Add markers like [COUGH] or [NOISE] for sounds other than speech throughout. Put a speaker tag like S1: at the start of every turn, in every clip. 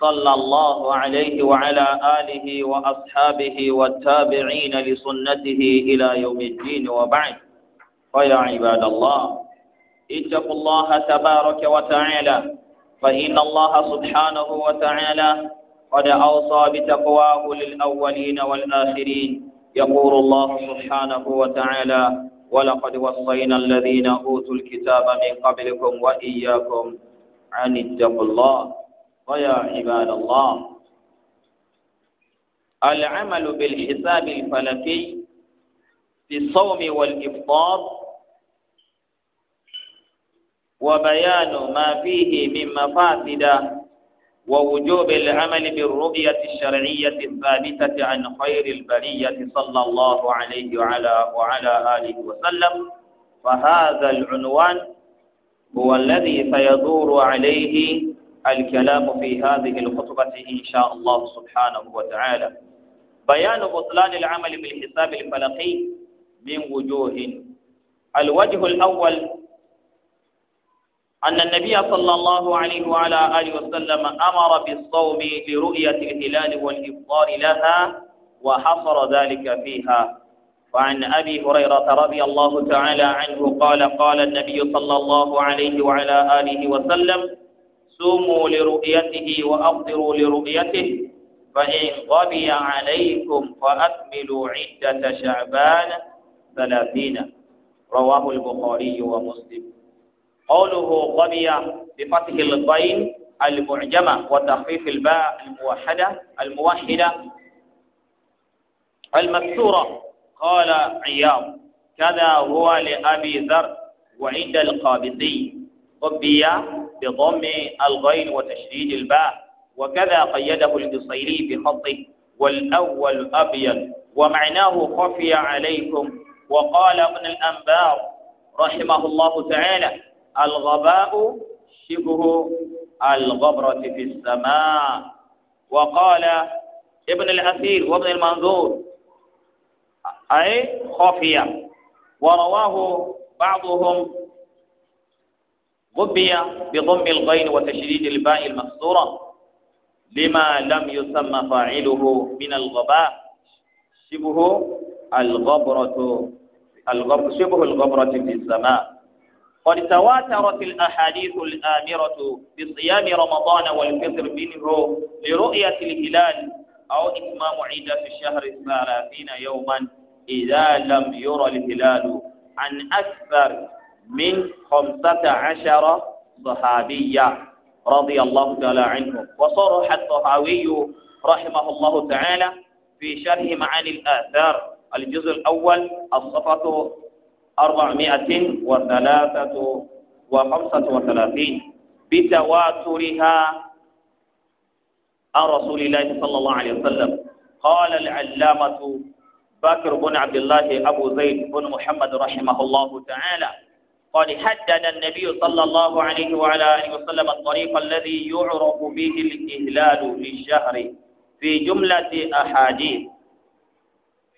S1: صلى الله عليه وعلى آله وأصحابه والتابعين لسنته إلى يوم الدين وبعد فيا عباد الله اتقوا الله تبارك وتعالى فإن الله سبحانه وتعالى قد أوصى بتقواه للأولين والآخرين يقول الله سبحانه وتعالى ولقد وصينا الذين أوتوا الكتاب من قبلكم وإياكم أن اتقوا الله ويا عباد الله العمل بالحساب الفلكي في الصوم والإفطار وبيان ما فيه من مفاسد ووجوب العمل بالرؤية الشرعية الثابتة عن خير البرية صلى الله عليه وعلى وعلى آله وسلم فهذا العنوان هو الذي سيدور عليه الكلام في هذه الخطبة إن شاء الله سبحانه وتعالى بيان بطلان العمل بالحساب الفلقي من وجوه الوجه الأول
S2: أن النبي صلى
S1: الله عليه وعلى آله وسلم أمر بالصوم لرؤية الهلال والإفطار لها وحصر ذلك فيها وعن أبي هريرة رضي الله تعالى عنه قال قال النبي صلى الله عليه وعلى آله وسلم صوموا لرؤيته وأفطروا لرؤيته فإن غبي عليكم فأكملوا عدة شعبان ثلاثين رواه البخاري ومسلم قوله غبي بفتح الغين المعجمة وتخفيف الباء الموحدة الموحدة المكسورة قال عياض كذا هو لأبي ذر وعند القابضي غبي بضم الغين وتشديد الباء وكذا قيده القصيري بخطه والأول أبيض ومعناه خفي عليكم وقال ابن الأنبار رحمه الله تعالى الغباء شبه الغبرة في السماء وقال ابن الأثير وابن المنذور أي خفية ورواه بعضهم قبي بضم الغين وتشديد الباء المكسورة لما لم يسمى فاعله من الغباء شبه الغبرة الغبر شبه الغبرة في السماء قد تواترت الأحاديث الآمرة بصيام رمضان والفطر منه لرؤية الهلال أو إتمام في الشهر الثلاثين يوما إذا لم يرى الهلال عن أكثر من خمسة عشر صحابية رضي الله تعالى عنهم وصرح الطهاوي رحمه الله تعالى في شرح معاني الآثار الجزء الأول الصفة أربعمائة وثلاثة وخمسة وثلاثين بتواترها عن رسول الله صلى الله عليه وسلم قال العلامة بكر بن عبد الله أبو زيد بن محمد رحمه الله تعالى قد حدد النبي صلى الله عليه وعلى آله وسلم الطريق الذي يعرف به الإهلال في الشهر في جملة أحاديث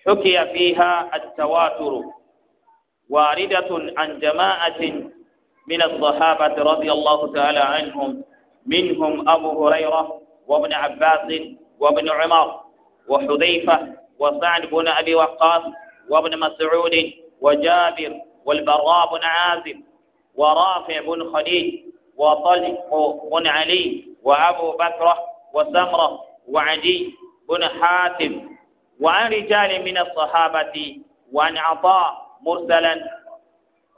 S1: حكي فيها التواتر واردة عن جماعة من الصحابة رضي الله تعالى عنهم منهم أبو هريرة وابن عباس وابن عمر وحذيفة وسعد بن أبي وقاص وابن مسعود وجابر والبراء بن عازب ورافع بن خليل وطلق بن علي وأبو بكرة وسمرة وعدي بن حاتم وعن رجال من الصحابة وعن عطاء مرسلا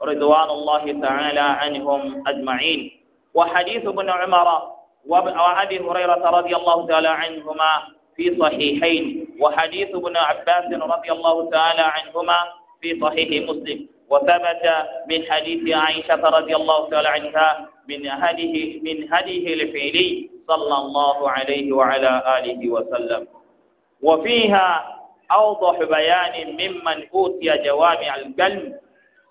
S1: رضوان الله تعالى عنهم أجمعين وحديث ابن عمر وأبي هريرة رضي الله تعالى عنهما في صحيحين وحديث ابن عباس رضي الله تعالى عنهما في صحيح مسلم وثبت من حديث عائشة رضي الله تعالى عنها من هذه من هديه الفعلي صلى الله عليه وعلى آله وسلم وفيها أوضح بيان ممن أوتي جوامع القلب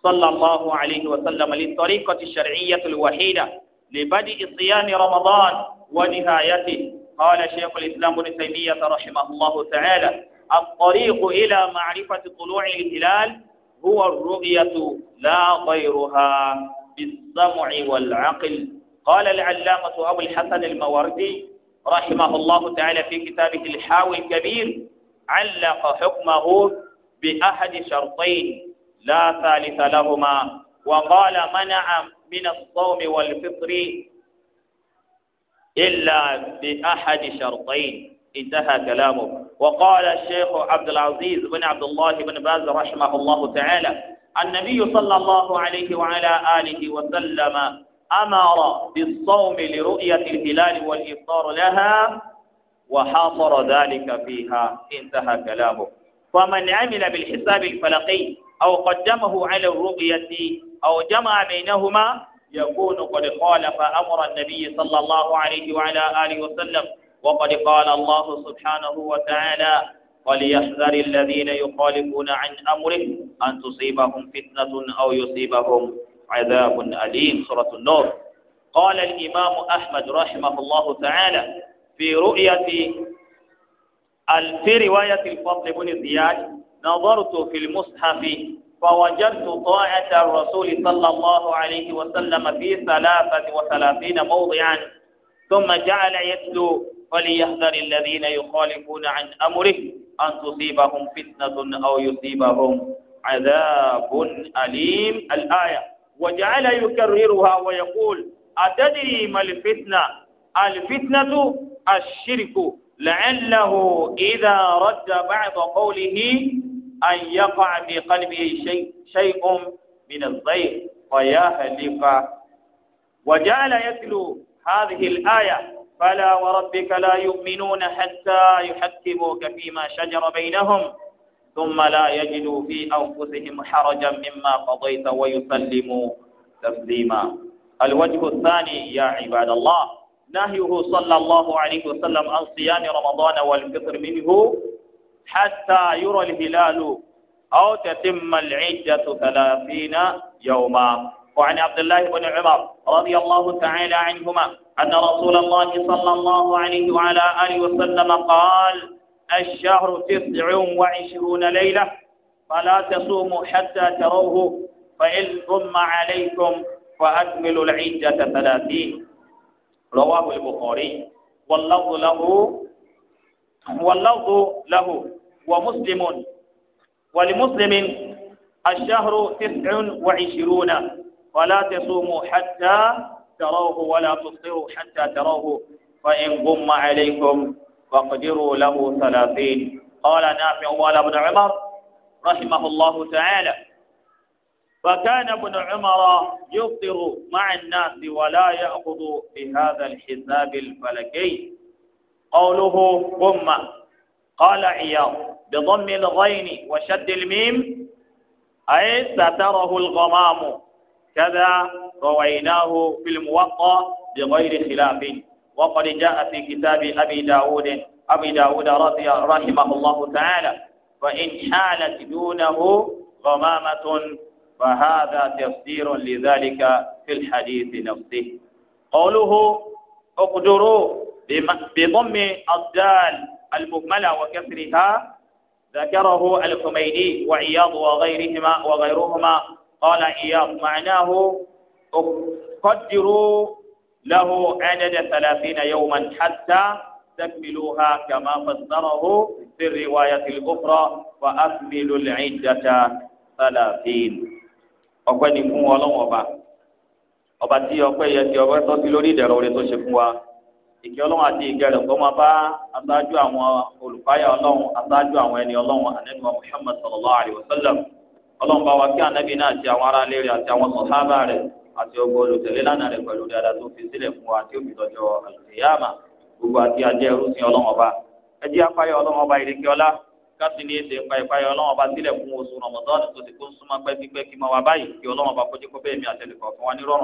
S1: صلى الله عليه وسلم للطريقة الشرعية الوحيدة لبدء صيام رمضان ونهايته قال شيخ الإسلام ابن تيمية رحمه الله تعالى الطريق إلى معرفة طلوع الهلال هو الرؤية لا غيرها بالسمع والعقل قال العلامة أبو الحسن الموردي رحمه الله تعالى في كتابه الحاوي الكبير علق حكمه بأحد شرطين لا ثالث لهما وقال منع من الصوم والفطر إلا بأحد شرطين انتهى كلامه وقال الشيخ عبد العزيز بن عبد الله بن باز رحمه الله تعالى النبي صلى الله عليه وعلى آله وسلم أمر بالصوم لرؤية الهلال والإفطار لها وحاصر ذلك فيها انتهى كلامه فمن عمل بالحساب الفلقي أو قدمه على الرؤية أو جمع بينهما يكون قد خالف أمر النبي صلى الله عليه وعلى آله وسلم وقد قال الله سبحانه وتعالى وليحذر الذين يخالفون عن أمره أن تصيبهم فتنة أو يصيبهم عذاب أليم سورة النور قال الإمام أحمد رحمه الله تعالى في رؤية في رواية الفضل بن زياد نظرت في المصحف فوجدت طاعة الرسول صلى الله عليه وسلم في ثلاثة وثلاثين موضعا ثم جعل يتلو فليحذر الذين يخالفون عن أمره أن تصيبهم فتنة أو يصيبهم عذاب أليم الآية وجعل يكررها ويقول أتدري ما الفتنة الفتنة الشرك لعله إذا رد بعض قوله أن يقع في قلبه شيء, شيء من الضيق فيهلك وجعل يتلو هذه الآية فلا وربك لا يؤمنون حتى يحكموك فيما شجر بينهم ثم لا يجدوا في أنفسهم حرجا مما قضيت ويسلموا تسليما الوجه الثاني يا عباد الله نهيه صلى الله عليه وسلم عن صيام رمضان والفطر منه حتى يرى الهلال أو تتم العدة ثلاثين يوما وعن عبد الله بن عمر رضي الله تعالى عنهما أن رسول الله صلى الله عليه وعلى آله وسلم قال الشهر تسع وعشرون ليلة فلا تصوموا حتى تروه فإن ثم عليكم فأكملوا العدة ثلاثين رواه البخاري واللفظ له واللفظ له ومسلم ولمسلم الشهر تسع وعشرون ولا تصوموا حتى تروه ولا تفطروا حتى تروه فإن غم عليكم فاقدروا له ثلاثين قال نافع وقال ابن عمر رحمه الله تعالى فكان ابن عمر يفطر مع الناس ولا يأخذ بهذا الحساب الفلكي قوله غم قال عياض بضم الغين وشد الميم أي ستره الغمام كذا رويناه في الموقع بغير خلاف وقد جاء في كتاب أبي داود أبي داود رضي رحمه الله تعالى فإن حالت دونه غمامة فهذا تفسير لذلك في الحديث نفسه قوله اقدروا بضم الدال المهملة وكسرها ذكره الخميني وعياض وغيرهما وغيرهما قال إياه معناه قدروا له عدد ثلاثين يوما حتى تكملوها كما فسره في الرواية الأخرى وأكملوا العدة ثلاثين ọpẹ́ ni fún Ọlọ́run ọba ọba tí ọpẹ́ yẹ ti ọpẹ́ tọ́ sí lórí ìdẹ̀rọ̀ rẹ̀ tó ṣe fún wa ìkẹ́ Ọlọ́run àti ìkẹ́ rẹ̀ kọ máa bá aṣáájú àwọn olùfáyà Ọlọ́run aṣáájú àwọn ẹni Ọlọ́run anẹnuwa Muhammad sallallahu alayhi wa sallam ọlọ́run bá wa kí ànábì náà àti àwọn aráalé rẹ̀ àti àwọn sọ̀hábà rẹ̀ àti ọgbọ olùtẹ̀lé lánàá rẹ̀ pẹ̀lú dáadáa tó fi sílẹ̀ fún wa tí ó fi dọjọ́ àlùfíyàmà gbogbo àti ajẹ́ ẹrúsìn ọlọ́run ọba ẹ jẹ́ apáyọ ọlọ́run ọba ìrèké ọlá káàsì ní èsè ńpa ìpáyọ ọlọ́run ọba sílẹ̀ fún oṣù rọmọdọ́ọ̀nù tó ti kó súnmọ́ pẹ́kípẹ́ kí mọ́ wa báyìí kí ọlọ́run ọba kó jẹ́ kó bẹ́ẹ̀ mi àtẹlẹ́kọ̀ fún wa ní rọrùn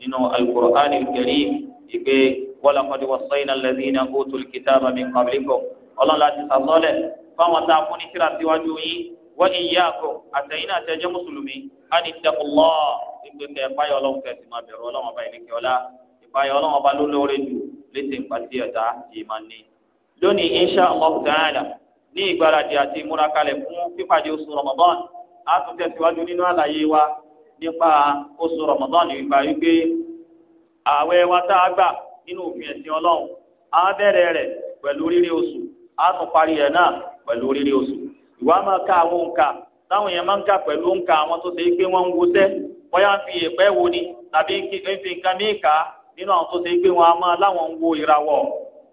S1: nínú alukur'an ìkẹrí ìgbé walaqad wassayna alladhina utul kitaba min qablikum ọlọ́run láti sàtọ́lẹ̀ fáwọn tá a fún ní síra síwájú yín wa iyyakum àtẹ̀yìn náà tẹ́jẹ́ mùsùlùmí á ní tẹ́kùlọ́ ìgbé kẹ́ ìpáyọ̀ ọlọ́run kẹ́sì máa bẹ̀rù ọlọ́run ọba ìlẹ́kẹ́ ọlá ìpáyọ̀ ọlọ́run ọba ló lóore jù létí ìpàtí ẹ̀dá ìmánì.
S2: lónìí insha
S1: Allah ta'ala ní ìgbáradì àti ìmúrakalẹ̀ fún pípàdé oṣù Ramadan á tún tẹ̀síwájú nínú àlàyé wa nípa oṣù Ramadan nípa wípé ààwẹ̀ wa tá a gbà nínú òfin ẹ̀sìn Ọlọ́run á bẹ̀rẹ̀ rẹ̀ pẹ̀lú rírí oṣù á tún parí ẹ̀ náà pẹ̀lú rírí oṣù ìwà máa ka àwọn òǹkà táwọn èèyàn máa ń kà pẹ̀lú òǹkà àwọn tó ṣe é pé wọ́n ń wọṣẹ́ bóyá ń fi èèpẹ̀ wo ni tàbí ń fi nǹkan míì kà á nínú àwọn tó ṣe é pé wọ́n á máa láwọn ń wo ìràwọ̀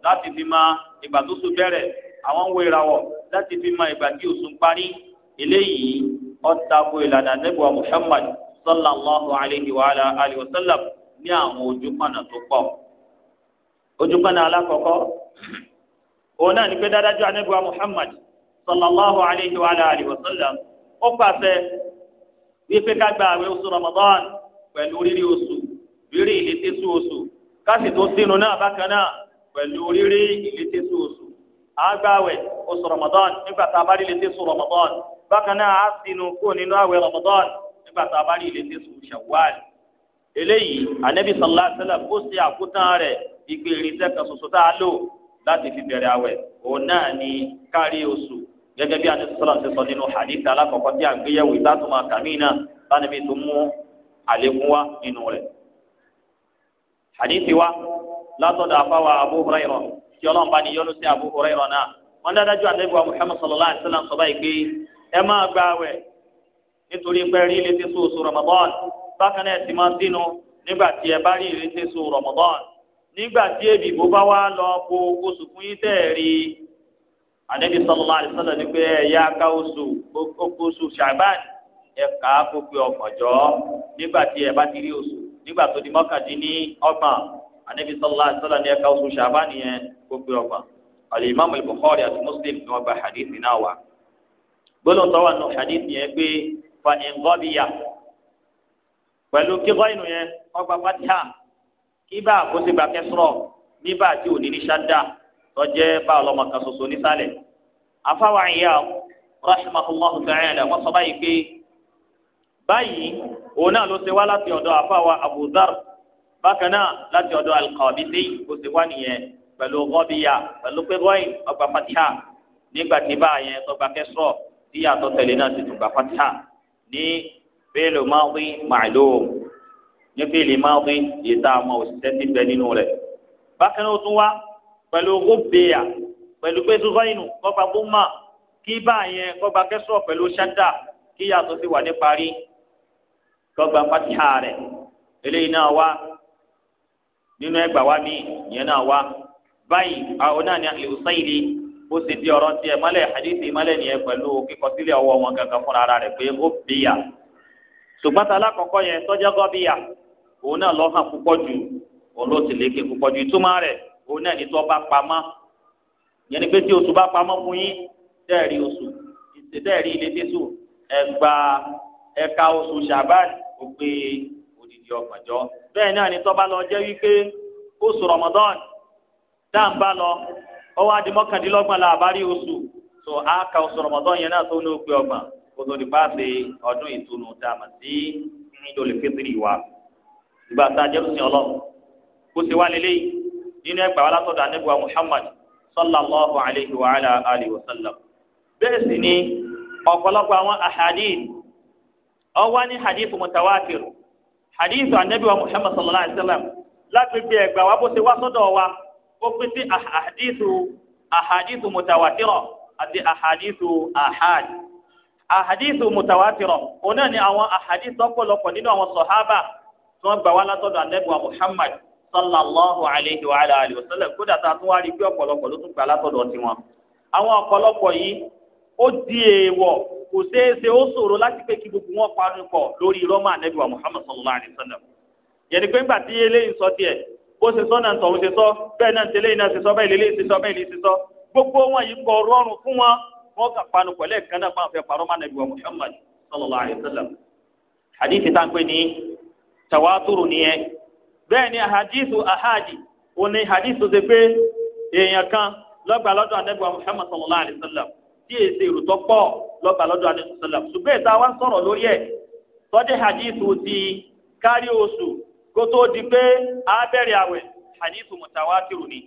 S1: láti fi máa ìgbà tó sùn bẹ̀rẹ̀ àwọn ń wo ìràwọ̀ láti fi máa ìgbà tí òṣùn parí eléyìí ó tako ìlànà nẹ́bùwà Muhammad sallallahu alayhi wa alayhi wa sallam ní àwọn ojúkànnà tó pọ̀ ojúkànnà alákọ̀ọ́kọ́ òun náà ní pé dáadájú anábíwá Muhammad sallallahu alayhi wa alayhi wa sallam ó pàṣẹ wípé ká gba àwẹ̀ oṣù Ramadan pẹ̀lú rírí oṣù rírí ìlétésù oṣù káṣí tó sínú náà bákan náà pẹ̀lú rírí ìlétésù oṣù àgbàwẹ̀ oṣù Ramadan nígbà tá a bá rí ìlétésù Ramadan bákan náà á sínú kó nínú àwẹ̀ Ramadan nígbà tá a bá rí ìlẹ́sẹ̀ sùn ṣàwáàlì eléyìí anabi sallallahu alayhi wa sallam ó ṣe àkótán rẹ̀ ìgbé irinṣẹ́ kan ṣoṣo tá a lò láti fi bẹ̀rẹ̀ àwẹ̀ òun náà ni kárí oṣù gẹ́gẹ́ bí anabi sallallahu alayhi wa sallam ṣe sọ nínú hadith alákọ̀ọ́kọ́ tí a ń gbéyẹ̀wò ìtàtùmọ̀ kàmí náà lánàbí tó mú àlékún wá nínú rẹ̀ hadith wa látọ̀dọ̀ àfáwà Abu Hurairah tí ọlọ́run bá ní yọ́nú sí Abu Hurairah náà wọ́n dájú anabi wa Muhammad sallallahu alayhi sọ báyìí pé ẹ máa gba àwẹ̀ nítorí pé rí ilé tẹsán oṣù Ramadan bákan náà ti máa dínú nígbà tí ẹ bá rí ilé tẹsán oṣù Ramadan nígbà tí èbì bó bá wá lọ bo oṣù fún yín tẹ̀ rí Ànábì sallallahu alaihi wasallam ní pé ẹ̀yà ká oṣù oṣù Ṣàbán ẹ̀ka gbogbo ọ̀pọ̀jọ́ nígbà tí ẹ bá ti rí oṣù nígbà tó di mọ́kàndínní ọgbọ̀n Ànábì sallallahu alaihi ní ẹ̀ka oṣù Ṣàbán yẹn gbogbo ọgbọ̀n fa ìngọ́bìyà pẹ̀lú kíkọ́ inú yẹn ọgbà fatiha kíbà kó sì gbà kẹsùrọ̀ bíbà tí ò ní ní ṣáda tọ́jẹ́ bá ọlọ́mọ kan ṣoṣo nísàlẹ̀ afáwa ìyá rahimahullahu ta'ala wọ́n sọ báyìí pé báyìí òun náà ló ṣe wá láti ọ̀dọ̀ afáwa Abu Dharr bákan náà láti ọ̀dọ̀ al-Qabisi kó sì wá nìyẹn pẹ̀lú gọ́bíyà pẹ̀lú pé gọ́yìn ọgbà fatiha nígbà tí báyẹn ọgbà kẹsùrọ̀ tíyàtọ̀ tẹ̀lé náà ti tún fatiha ní fíìlù máàdì màlúù ní fíìlì máàdì yìí tá a mọ òṣìṣẹ́ ti bẹ nínú rẹ̀ bákan náà tún wá pẹ̀lú gómìnà pẹ̀lú pé zubainu kọba gbọmọ kí báyẹn kọba kẹsọ pẹ̀lú ṣáda kí yàtọ̀ sí wà ní parí kọba fatiha rẹ̀ eléyìí náà wá nínú ẹgbàá wa mi ìyẹn náà wá báyìí àwọn náà ní àlè bó ṣe di ọ̀rọ̀ tiẹ̀ mọ́lẹ̀ hadithi mọ́lẹ̀ nìyẹn pẹ̀lú kíkọsílẹ̀ ọwọ́ wọn gangan fúnra ara rẹ̀ pé ó bìyà ṣùgbọ́n tala kọ̀kọ́ yẹn tọ́jọ́ gọ́ bìyà òun náà lọ́ hàn púpọ̀ jù òun ló sì léke púpọ̀ jù ìtumọ̀ rẹ̀ òun náà ní tó bá pamọ́ yẹn ni pé tí oṣù bá pamọ́ fún yín dẹ́ẹ̀rí oṣù ìṣẹ̀dẹ́ẹ̀rí ilé tẹ́sù ẹgbà ẹ̀ka oṣù ṣàbáàd Ramadan dáǹbá lọ ọwọ́ adi mọ́kàndínlọ́gbọ̀n la àbárí oṣù tó a ka oṣù Ramadan yẹn náà tó ní ogbe ọgbọ̀n kótó ní paase ọdún ìtùnú dàmà sí ìdòlè fitiri wa ìgbà tá a jẹ́ lùsìn ọlọ́run kó ṣe wá lélẹ́yìí nínú ẹgbà wa látọ̀dọ̀ anábì wa Muhammad sallallahu alayhi wa ala alihi wa sallam bẹ́ẹ̀ sì ni ọ̀pọ̀lọpọ̀ àwọn ahadith ọwọ́ ní hadith mutawatir hadith anábì Muhammad sallallahu alayhi wa sallam láti gbé ẹgbà wa bó ṣe wá sọ́dọ̀ wa ó pín sí àhàdìsù àhàdìsù mùtàwátìrọ̀ àti àhàdìsù àhàd àhàdìsù mùtàwátìrọ̀ òun náà ni àwọn àhàdìsù ọ̀pọ̀lọpọ̀ nínú àwọn sọ̀hábà tí wọ́n gbà wá látọ̀dọ̀ anẹ́gbọ̀n Muhammad sallallahu alayhi wa alayhi wa sallam kódà tá a tún wá rí pé ọ̀pọ̀lọpọ̀ ló tún gbà látọ̀dọ̀ tiwọn àwọn ọ̀pọ̀lọpọ̀ yìí ó di èèwọ̀ kò ṣeé ṣe ó ṣòro láti pé kí gbogbo wọn parun pọ̀ lórí rọ́mà anẹ́gbọ̀n Muhammad sallallahu alayhi wa sallam yẹnni pé ńgbà tí eléyìí sọ tiẹ̀ bó ṣe sọ náà tọ̀hún ṣe sọ bẹ́ẹ̀ náà tẹ́lẹ̀ iná ṣe sọ bẹ́ẹ̀ lélẹ́ ṣe sọ bẹ́ẹ̀ gbogbo wọn yìí kọ rọrùn fún wọn wọn kà panu pẹ̀lẹ́ kan náà nàbí Muhammad sallallahu alayhi wa sallam tá n pè ní tawaturu nìyẹn bẹ́ẹ̀ ni hadithu ahadi òun ni hadith ṣe pé èèyàn kan lọ́gbà lọ́dọ̀ anabi wa Muhammad sallallahu alayhi wa sallam tí èsì ìrùtọ́ pọ̀ lọ́gbà lọ́dọ̀ anabi sallam ṣùgbọ́n ìta wa ń sọ̀rọ̀ lórí ẹ̀ tọ́jú hadithu ti kárí oṣù kótó di pé á bẹ̀rẹ̀ àwẹ̀ hadithu mutawatiru ni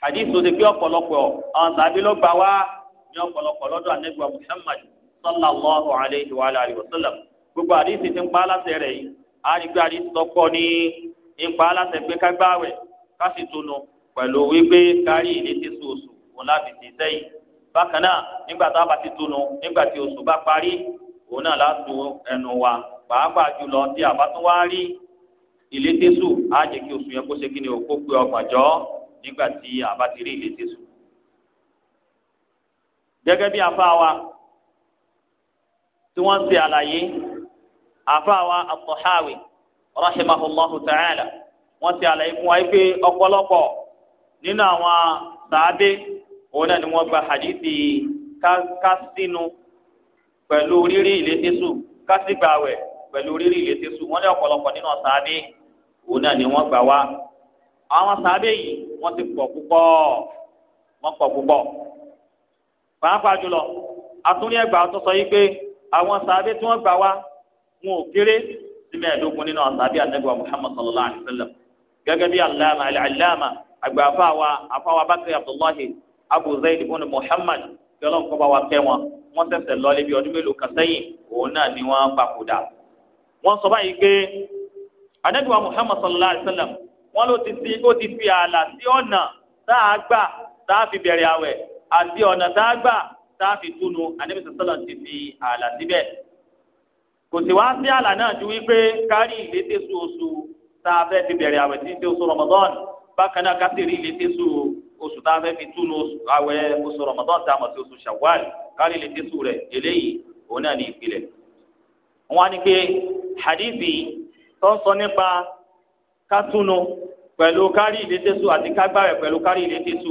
S1: hadithu ti pé ọ̀pọ̀lọpọ̀ àwọn tàbí ló gbà wá ní ọ̀pọ̀lọpọ̀ lọ́dọ̀ anagba muhammad sallallahu alayhi wa alayhi wa sallam gbogbo hadithu ti ń pa aláṣẹ yìí hadithu tó kọ́ ń pa aláṣẹ pé ká gbá ká sì tunu pẹ̀lú wípé kárí ilé ti sùn oṣù òun láti ti sẹ́yìn bákan náà nígbà a bá ti tunu nígbà tí oṣù bá parí òun náà láti wa pàápàá jùlọ tí a bá ìlétésù á jẹ́ kí oṣù yẹn kó ṣe kí ni o kó pé ọgbàjọ́ nígbà tí a bá ti rí ìlétésù. gẹ́gẹ́ bí afa wa tí wọ́n ń ṣe àlàyé afa wa at-Tahawi rahimahullahu ta'ala wọ́n ṣe àlàyé fún wa pé ọ̀pọ̀lọpọ̀ nínú àwọn sàábé òun náà ni wọ́n gba hadithi kásínú pẹ̀lú rírí ìlétésù kásìgbàwẹ̀ pẹ̀lú rírí ìlétésù wọ́n ní ọ̀pọ̀lọpọ̀ nínú sàábé òun náà ni wọ́n gbà wá àwọn sábẹ́ yìí wọ́n ti pọ̀ púpọ̀ wọ́n pọ̀ púpọ̀ pàápàá jùlọ àtúnyẹ ẹgbà tó sọ yìí pé àwọn sábẹ́ tí wọ́n gbà wá wọn ò kéré sí mẹ́ẹ̀ẹ́dógún nínú sábẹ́ anagba Muhammad sallallahu alaihi wa sallam gẹ́gẹ́ bí alama alama àgbà afáwa afáwa Bakri Abdullahi Abu Zayd ibn Muhammad yọlọ́n kọ́ bá wa kẹ́ wọn wọ́n ṣẹ̀ṣẹ̀ lọ lébi ọdún mélòó kan òun náà ni wọ́n papòdà wọ́n sọ báyìí pé anabiwa muhammad sallallahu alaihi wa sallam wọn ló ti fi ó ti fi ààlà sí ọ̀nà tá a gbà tá a fi bẹ̀rẹ̀ àwẹ̀ àti ọ̀nà tá a gbà tá a fi túnu anabi sallallahu ti fi ààlà síbẹ̀ kò sì wá sí ààlà náà ju wípé kárí ìlété su oṣù fẹ́ fi bẹ̀rẹ̀ àwẹ̀ tí oṣù ramadan bákan náà kásì rí ìlété su oṣù tá fẹ́ fi túnu àwẹ̀ oṣù ramadan tá mọ̀ sí oṣù shawwal kárí ìlété su rẹ̀ eléyìí òun náà ní ìpìlẹ̀ wọn á ní pé hadithi tó ń sọ nípa kátúnu pẹ̀lú kárí ilé tẹ́sù àti kágbáwẹ̀ pẹ̀lú kárí ilé tẹ́sù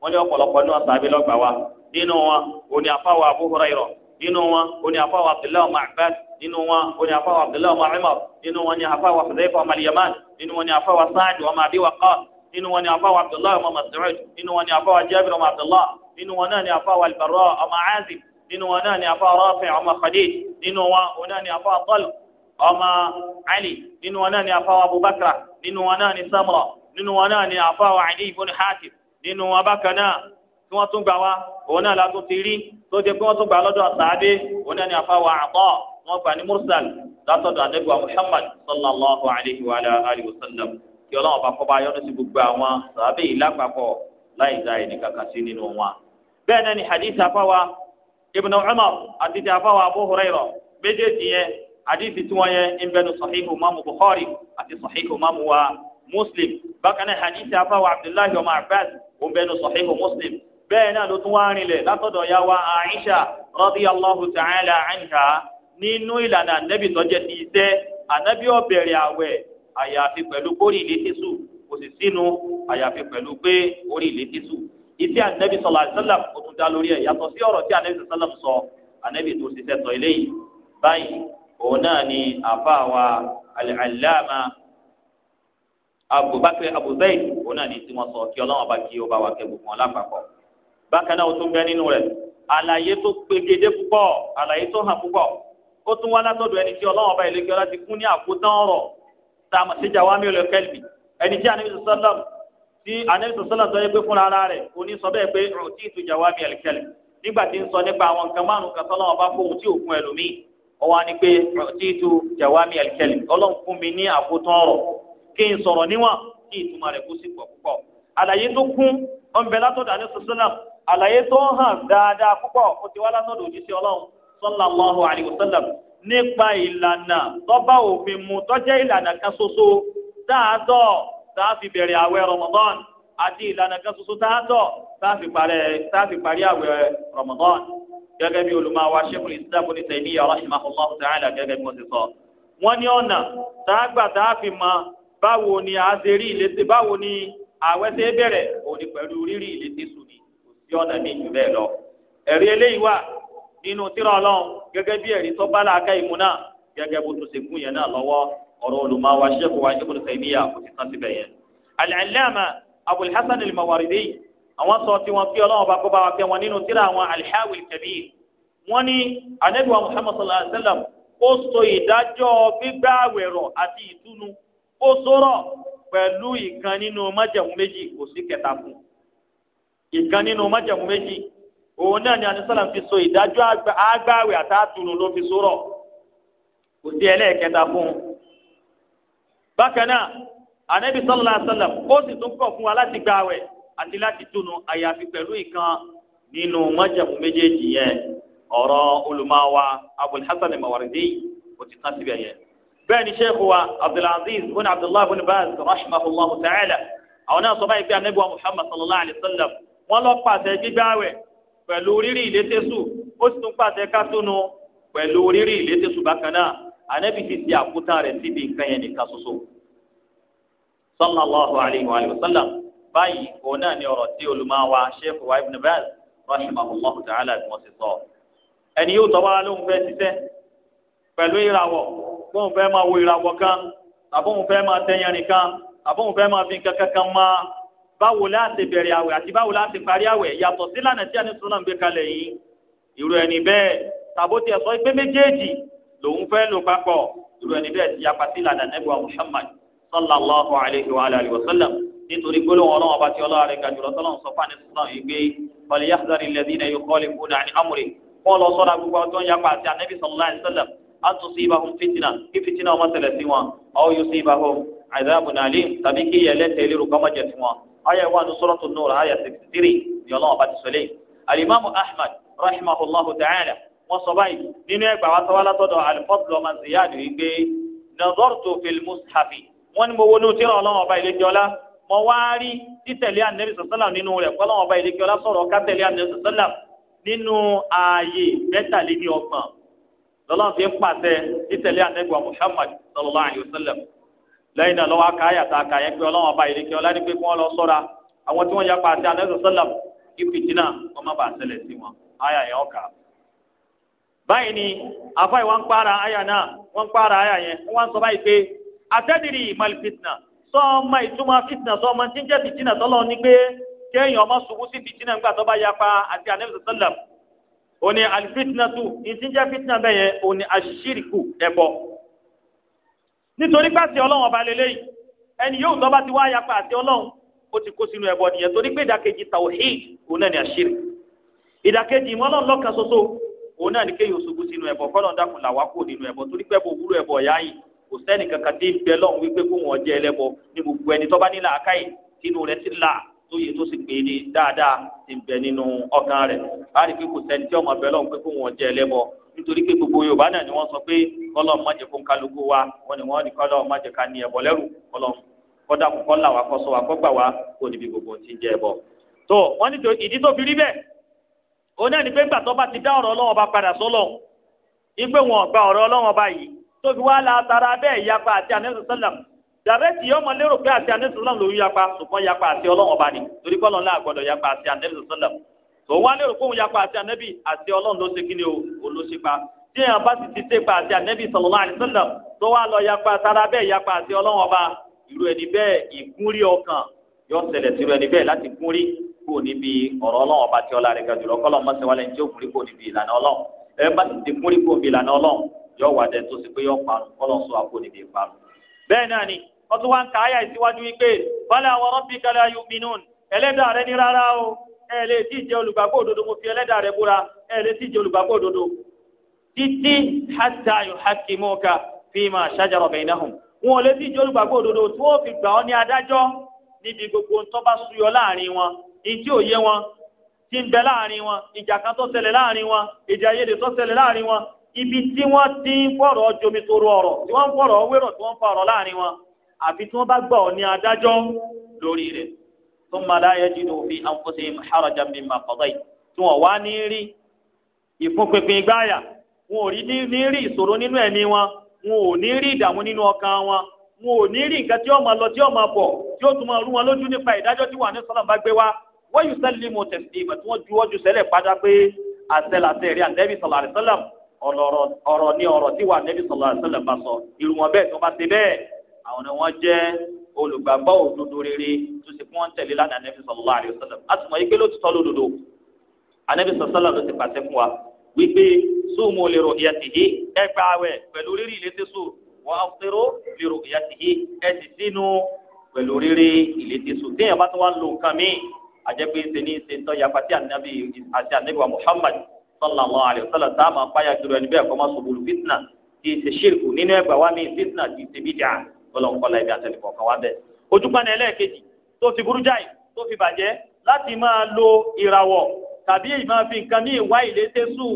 S1: wọ́n ní ọ̀pọ̀lọpọ̀ ní ọ̀sán abilọ́ gbà wá nínú wọn òní àfáwọ̀ Abu Hurairah nínú wọn òní àfáwọ̀ Abdullahi ọmọ Abbas nínú wọn òní àfáwọ̀ Abdullahi ọmọ Umar nínú wọn ní àfáwọ̀ Hudhayfah ọmọ Yaman nínú wọn ní àfáwọ̀ Sa'd ọmọ Abi Waqqas nínú wọn ní àfáwọ̀ Abdullahi ọmọ Mas'ud nínú wọn ní àfáwọ̀ Jabir ọmọ Abdullah nínú wọn náà ní àfáwọ̀ al ọmọ Azib nínú wọn náà ní àfáwọ̀ Rafi' ọmọ Khadij nínú wọn òun náà ní ọmọ ali nínú wọn náà ni afáwọn abubakar nínú wọn náà ni samura nínú wọn náà ni afáwọn ali ibn hatim nínú wọn bákan náà tí wọn tún gbà wá òun náà látún ti rí tó jẹ pé wọn tún gbà lọ́dọ̀ sàábé òun náà ni afáwọn àtọ wọn gbà ní mursal látọ̀dọ̀ anabi muhammad sallallahu alayhi wa alayhi wa sallam kí ọlọ́run bá kọ́ba yọ́nú sí gbogbo àwọn sàábé yìí lápapọ̀ láì dá ẹnì kankan sí nínú wọn. bẹ́ẹ̀ náà ni hadith afáwa ibn umar àti ti afáwa abu méjèèjì yẹn hadithi tí wọ́n yẹ ń bẹnu sahihu mamu bukhari àti sahihu mamu wa muslim bákan náà hadithi afáwọ̀ abdullahi ọmọ abbas ń bẹnu sahihu muslim bẹ́ẹ̀ náà ló tún wá rinlẹ̀ látọ̀dọ̀ ya wa aisha radiyallahu ta'ala anha nínú ìlànà anabi tọ́jẹ́ ti tẹ́ anabi ó bẹ̀rẹ̀ àwẹ̀ àyàfi pẹ̀lú kórì létísù kò sì sínú àyàfi pẹ̀lú pé orí létísù ìtí anabi sallallahu alaihi kò tún dá lórí ẹ̀ yàtọ̀ sí ọ̀rọ̀ tí anabi sallallahu sọ anabi tó ti tẹ̀ tọ́ eléyìí báyìí òun náà ni àfàwà alàlámà abubakar abuzaid òun náà ni tí wọ́n sọ kí ọlọ́wọ́n bá kí ó bá wa kẹ́ gbogbo wọn lápapọ̀ bákan náà ó tún bẹ nínú rẹ̀ àlàyé tó pegedé púpọ̀ àlàyé tó hàn púpọ̀ ó tún wá látọ̀dọ̀ ẹni tí ọlọ́wọ́n bá ilé kíọ́lá ti kún ní àkótán ọ̀rọ̀ tá a mọ̀ sí jawamiul kalbi ẹni tí anabi sọ́lá tí anabi sọ́lá sọ yẹ pé fúnra ara rẹ̀ oní sọ bẹ́ẹ̀ pé ọ̀tí ìtú jawamiul kalbi nígbà tí ń sọ nípa àwọn nǹkan márùn-ún kan tọ́lọ́wọ́n bá fóun tí òkun ẹlòmíì ọwọ́ ni pé títu jawami alikẹ́lì ọlọ́run fún mi ní àkótán ọ̀rọ̀ kí n sọ̀rọ̀ níwọ̀n kí ìtumọ̀ rẹ̀ kó sì pọ̀ púpọ̀ àlàyé tó kún ọ̀nbẹ látọ̀dọ̀ àní sọ́sọ́nà àlàyé tó hàn dáadáa púpọ̀ ó ti wá látọ̀dọ̀ òjíṣẹ́ ọlọ́run sallallahu alaihi wasallam nípa ìlànà tó bá òfin mu tó jẹ́ ìlànà kan ṣoṣo dáadọ́ táà bẹ̀rẹ̀ àwẹ̀ Ramadan àti ìlànà kan ṣoṣo dáadọ́ táà fi parí àwẹ̀ Ramadan gẹ́gẹ́ bí olùmọ̀wá sẹ́kùn islam ní tẹ̀lé yàrá rahimahullah ta'ala gẹ́gẹ́ bí wọ́n ti sọ. wọ́n ní ọ̀nà tààgbà tààfin mọ báwo ni àzẹ́rí ìlẹ́sẹ̀ báwo ni àwẹ́sẹ̀ bẹ̀rẹ̀ òní pẹ̀lú rírí ìlẹ́sẹ̀ sùn kò sí ọ̀nà ní ìjù bẹ́ẹ̀ lọ. ẹ̀rí eléyìí wà nínú tírà ọlọ́run gẹ́gẹ́ bí ẹ̀rí tó bá làákà ìmú náà gẹ́gẹ́ bó tó ṣe gún yẹn náà lọ́wọ́ ọ̀rọ̀ olùmọ̀wá sẹ́kùn àwọn sọ tí wọn fi ọlọ́run bá kó bá wa fẹ́ wọn nínú tíra àwọn alihawil kabir wọn ní anabi wa muhammad sallallahu alaihi wa sallam ó so ìdájọ́ gbígbà wẹ̀rọ̀ àti ìtúnu ó sọ̀rọ̀ pẹ̀lú ìkan nínú májẹ̀mú méjì kò sí kẹta fún ìkan nínú májẹ̀mú méjì òun náà ni anisọ́lá fi so ìdájọ́ agbáwẹ̀ àtàtúnu ló fi sọ̀rọ̀ kò sí ẹlẹ́ẹ̀kẹta fún bákan náà anabi sallallahu alaihi wa sallam ó sì tún kọ̀ fún wa láti gbàwẹ̀ àti láti túnu àyàfi pẹ̀lú ìkan nínú májẹ̀mú méjèèjì yẹn ọ̀rọ̀ olùmọ̀wá abul hasan mawardi ó ti tán síbẹ̀ yẹn. bẹ́ẹ̀ ni sheikh wa abdulaziz bin abdullah bin baz rahimahullahu ta'ala àwọn náà sọ báyìí pé anabi wa muhammad sallallahu alayhi wa sallam wọ́n lọ pàṣẹ gbígbààwẹ̀ pẹ̀lú rírì ìlétésù ó sì tún pàṣẹ kátúnu pẹ̀lú rírì ìlétésù bákan náà anabi ti ti àkútà rẹ̀ síbi nǹkan yẹn nìkan ṣoṣo sallallahu alayhi wa sallam báyìí òun náà ni ọ̀rọ̀ tí olùmọ̀wá sheikh wa ibn baz rahimahullah ta'ala bí wọ́n ti sọ. ẹni yóò tọ́ wá lóun fẹ́ ṣiṣẹ́ pẹ̀lú ìràwọ̀ bóun fẹ́ máa wo ìràwọ̀ kan àbóun fẹ́ máa tẹ̀yẹrin kan àbóun fẹ́ máa fi kankan kan máa báwo láti bẹ̀rẹ̀ àwẹ̀ àti báwo láti parí àwẹ̀ yàtọ̀ sí lánàá tí a ní gbé kalẹ̀ yìí irú ẹni bẹ́ẹ̀ tàbó tiẹ̀ sọ pé méjèèjì lòun fẹ́ lò papọ̀ irú ẹni bẹ́ẹ̀ ti yapa sí lánàá nẹ́bùwà Muhammad sallallahu alayhi wa sallam nítorí gbólóhùn ọlọ́run ọba tí ọlọ́run rẹ̀ ga jùlọ tọ́lọ́run sọ fáàní sísan yìí gbé wàlíyàtàrí lẹ́dínà yóò kọ́ lè kúndà ní amúre fún ọlọ́ sọ́ra gbogbo ọjọ́ yapa àti anabi sallallahu alaihi wasallam àtúnṣe ìbáhùn fìtínà kí fìtínà ọmọ tẹ̀lẹ̀ sí wọn àwọn yóò sí ìbáhùn àìdáàbò nàlẹ́ tàbí kí ìyẹlẹ tẹ̀lé rò kọ́mọ jẹ sí wọn. ayé wa ní sọ́rọ́ tó nùrọ̀ ayé sixty three ni ọlọ́run ọba ti sọlé. alimami ahmad rahimahullahu ta'ala wọ́n sọ ní mọ wá rí títẹ̀lé ànẹ́bí sọ̀sọ́là nínú rẹ̀ kọ́ lọ́wọ́ ọba ìdíkẹ́ ọlá sọ̀rọ̀ ká tẹ̀lé ànẹ́bí sọ̀sọ́là nínú ààyè mẹ́tàléní ọgbọ̀n lọ́lọ́run fi ń pàṣẹ títẹ̀lé ànẹ́bí wa Muhammad sallallahu alayhi wa sallam lẹ́yìn náà lọ́wọ́ akáyà tá a kà yẹn pé ọlọ́wọ́ ọba ìdíkẹ́ ọlá ní pé kí wọ́n lọ sọ́ra àwọn tí wọ́n ya pàṣẹ ànẹ́bí sọ̀sọ́là kí fìtínà wọ́n má bàa ṣẹlẹ̀ sí wọn àyà yẹn ọkà báyìí ni àfáì wọn ń pààrà àyà náà wọn ń pààrà àyà yẹn wọn ń sọ báyìí pé atẹ́dìrì mal sọ́ọ́mọ ìtumọ̀ fitna sọ́ọ́mọ tí ń jẹ́ fìtínà tọ́lọ́ ní pé kéèyàn ọmọ ṣubú sí fìtínà ńgbà tó bá yapa àti ànẹ́bí sọ́lá ó ní tu ìtí ń jẹ́ fitna bẹ́ẹ̀ yẹn ó ní aṣíríkù ẹ̀bọ. nítorí pàṣẹ ọlọ́run ọba lélẹ́yìn ẹni yóò tọ́ bá ti wá yapa àti ọlọ́run ó ti kó sínú ẹ̀bọ nìyẹn torí pé ìdàkejì tawhid òun náà ni àṣírí ìdàkejì ìmọ̀lọ́n lọ́kàn soso òun náà ni kéèyàn ṣubú sínú ẹ̀bọ fọlọ́ndàkùn làwákò nínú ẹ̀bọ torí pé kò sẹ́ni kankan tí ń bẹ lọ́hùn wípé kó wọn jẹ ẹlẹ́bọ ní gbogbo ẹni tó bá ní làákàyè tínú rẹ̀ ti là lóye tó sì pé ní dáadáa ti bẹ nínú ọkàn rẹ̀ á rí pé kò sẹ́ni tí ọmọ bẹ lọ́hùn pé kó wọn jẹ ẹlẹ́bọ nítorí pé gbogbo yorùbá náà ni wọ́n sọ pé kọ́lọ́ọ̀ má jẹ fún kálukú wa wọ́n ni wọ́n ní kọ́lọ́ọ̀ má jẹ ká ní ẹbọ lẹ́rù kọ́lọ́ọ̀ kọ́dà kọ́kọ́ wa kọ́gbà wa kó níbi gbogbo ti jẹ ẹbọ. tó ni pé gbàtọ́ bá ti dá ọ̀rọ̀ Ọlọ́run bá padà tóbi wá la tara bẹ́ẹ̀ yapa àti anẹ́sọ̀ sẹ́lẹ̀m dàbẹ́tì yọ ọmọ lérò pé àti anẹ́sọ̀ sẹ́lẹ̀m lòún yapa ṣùgbọ́n yapa àti ọlọ́run ọba ni torí kọ́lọ́n náà gbọ́dọ̀ yapa àti anẹ́sọ̀ sẹ́lẹ̀m tòun wá lérò fóun yapa àti anẹ́bí àti ọlọ́run ló ṣe kí ni o ò ló ṣe pa tí èèyàn bá ti ti ṣe pa àti anẹ́bí sallallahu alaihi wasallam tó wá lọ yapa tara bẹ́ẹ̀ yapa àti ọlọ́run ọba irú ẹni bẹ́ẹ̀ ìgúnrí ọkàn yọ ṣẹlẹ̀ sí irú ẹni bẹ́ẹ̀ láti gúnrí kó níbi ọ̀rọ̀ ọlọ́run ọba tí ọlá rẹ̀ ga jùlọ kọ́lọ́ mọ́sẹ̀ wálé ní tí ó gúnrí kó níbi ìlànà ọlọ́run ẹ bá ti ti gúnrí kó níbi yọ wà dẹ tó ṣe pé yọ parun kọlọ sọ àpò níbi ìparun. bẹ́ẹ̀ náà ni wọ́n tún wá ń ka àyà ìsíwájú wípé fala wa rabbika la yu'minun ẹlẹ́dàá rẹ ní rárá o ẹ lè tí ì jẹ́ olùgbàgbọ́ òdodo mo fi ẹlẹ́dàá rẹ búra ẹ lè tí ì jẹ́ olùgbàgbọ́ òdodo títí fi gbà ọ́ wọn ibi tí wọ́n ti ń fọ̀rọ̀ jomitoro ọ̀rọ̀ tí wọ́n ń fọ̀rọ̀ wérò tí wọ́n ń fọ̀rọ̀ láàrin wọn àfi tí wọ́n bá gbà ọ́ ní adájọ́ lórí rẹ̀ thumma la yajidu fi anfusihim harajan mimma qadayta tí wọ́n wá ní rí ìfúnpinpin gbáyà wọn ò rí ní rí ìṣòro nínú ẹ̀mí wọn wọn ò ní rí ìdààmú nínú ọkàn wọn wọn ò ní rí nǹkan tí ó máa lọ tí ó máa tí ó tún máa rú wọn lójú nípa ìdájọ́ tí wà ní sọ́nà bá gbé wá wọ́n yóò sẹ́lẹ̀ mọ̀ tẹ̀sí ìgbà tí wọ́n ju ọjọ́ sẹ́lẹ̀ padà pé àṣẹ làṣẹ rí àtẹ́bí sallallahu alaihi ọ̀rọ̀ ní ọ̀rọ̀ tí wà nẹ́bí sallallahu alaihi wasallam bá sọ irú wọn bẹ́ẹ̀ tó bá ṣe bẹ́ẹ̀ àwọn ni wọ́n jẹ́ olùgbàgbọ́ òdodo rere tó sì fún wọn tẹ̀lé lánàá nẹ́bí sallallahu alaihi wasallam a sì mọ̀ ike ló ti sọ lódodo anẹ́bí sallallahu ló ti pàṣẹ fún wa wípé súnmù li ru'yatihi ẹ gba àwẹ̀ pẹ̀lú rírì ìlétí sùn wọ́n á fẹ́rọ́ li ru'yatihi ẹ sì sínú pẹ̀lú rírì ìlétí sùn téèyàn bá tún wá lo nǹkan míì àjẹpẹ́ Muhammad sallallahu alaihi wasallam tá a máa páyà kiri ẹni bẹ́ẹ̀ kọ́ máa sọ̀bùlù fitna kì í ṣe ṣírkù nínú ẹgbà wa mi fitna kì í ṣe bídà ọlọ́nkọ́lá ibi àtẹnìkọ̀ kan wá bẹ́ẹ̀. ojúpọ̀nà ẹlẹ́ẹ̀kejì tó fi burú jáì tó fi bàjẹ́ láti máa lo ìràwọ̀ tàbí èyí máa fi nǹkan ní ìwá ìlétésù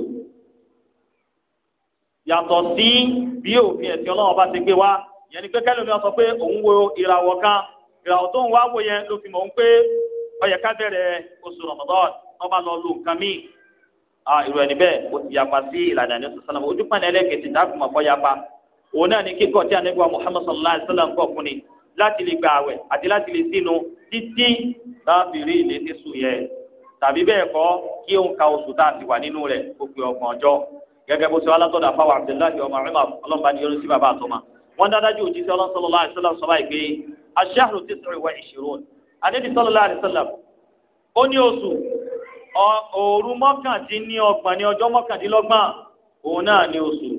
S1: yàtọ̀ sí bí òfin ẹ̀sìn ọlọ́run bá ti gbé wá yẹn ni pé kẹ́lómi ọ sọ pé òun wo ìràwọ̀ kan ìràwọ̀ tó ń wá wò yẹn ló fi mọ̀ ń pé ó bẹ̀rẹ̀ oṣù Ramadan Ah, irú ẹni bẹ́ẹ̀ o ti yapa sí ìlànà ní sọ́sọ́nà ojú pàdé ẹlẹ́kẹ̀tì dáàbò mọ̀ kọ́ yapa òun náà ni kíkọ́ tí anagba Muhammad sallallahu alayhi wa sallam kọ́ fún ni láti lè gba àwẹ̀ àti láti lè sínú títí láti rí ilé tẹ́sù yẹ tàbí bẹ́ẹ̀ kọ́ kí òun ka oṣù tá a ti wà nínú rẹ̀ kó pe ọgbọ̀n ọjọ́ gẹ́gẹ́ bó ṣe wá látọ̀dọ̀ àfáwọ̀ Abdullahi ọmọ òru mọ́kàndínlọ́gbọ̀n ní ọjọ́ mọ́kàndínlọ́gbọ̀n òun náà ni oṣù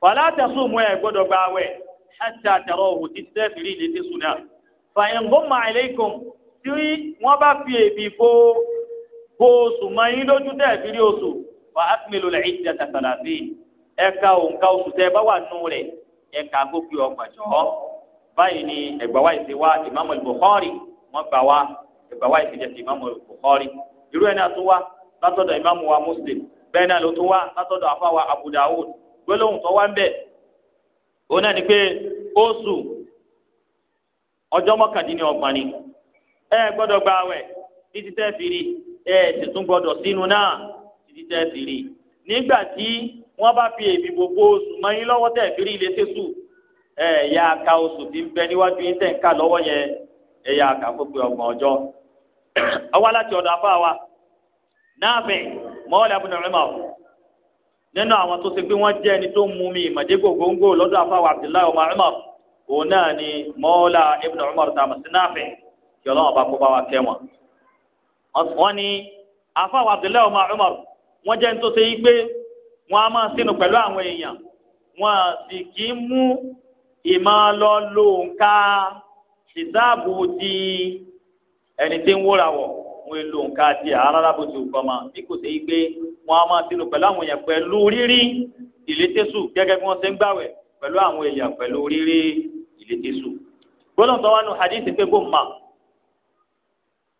S1: fàlà tẹ̀sùnmù ẹ̀ gbọ́dọ̀ gba awẹ́ ẹ̀ta àtàrà òhùn ti sẹ́fìrí ilé tẹ̀sùn náà fàyẹ̀ǹgbọ́ màálẹ́kùn tí wọ́n bá fi èbì bo bo oṣù mọ́ yín lójú tẹ̀fìrí oṣù wà á fìmí lulẹ̀ ìdíjà tàtàlàfẹ́ ẹ̀ka òǹkà oṣù tẹ́ bá wà nù rẹ̀ ẹ̀ka gbókè ọgbàjọ́ báyìí ni ẹ̀gbà wáyé ti wá ìmáàmù Bukhari wọ́n gbà wá ẹ̀gbà wáyé ti jẹ́ ti ìmáàmù irú ẹ̀ náà tún wá látọ̀dọ̀ ìmáàmù wa Muslim bẹ́ẹ̀ náà ló tún wá látọ̀dọ̀ àfáwa Abu Dawud gbólóhùn tó wá ń bẹ̀ òun náà ni pé oṣù ọjọ́ mọ́kàndínlọ́gbọ̀n ni ẹ gbọ́dọ̀ gba àwẹ̀ títí tẹ́ fi rí ẹ sì tún gbọ́dọ̀ sínú náà títí tẹ́ fi rí nígbà tí wọ́n bá fi èbí gbogbo oṣù lọ́wọ́ tẹ̀ fi rí yà oṣù tí ń bẹ níwájú yín tẹ̀ ń lọ́wọ́ yẹn yà ọgbọ̀n ọjọ́ ọwọ́ [COUGHS] láti ọ̀dọ̀ afọ́ àwa Nafi mọ́ọ̀lá ibn Umar nínú àwọn tó ṣe pé wọ́n jẹ́ ẹni tó mú mi ìmọ̀dégò góńgó lọ́dọ̀ afọ́ Abdullahi ọmọ Umar òun náà ni mọ́ọ̀lá ibn Umar tààmù sí Nafi kí ọlọ́wọ́n bá kó bá wa kẹ́ wọn. wọ́n ní afọ́ àwa Abdullahi ọmọ Umar wọ́n jẹ́ ẹni tó ṣe yí pé wọ́n á máa sínú pẹ̀lú àwọn èèyàn wọ́n sì kì í mú ìmọ̀ lọ lóǹkà ìsáàbù ti ẹni tí ń wúra wọ̀ wọn èlò nǹkan àti àrárá bó ti kọ́ ma bí kò sẹ́yìn pé wọn a máa sílò pẹ̀lú àwọn èèyàn pẹ̀lú rírí ìlétésù gẹ́gẹ́ bí wọ́n ṣe ń gbàwẹ̀ pẹ̀lú àwọn èèyàn pẹ̀lú rírí ìlétésù. gbọ́dọ̀ tó wá nu hadith pé kó mà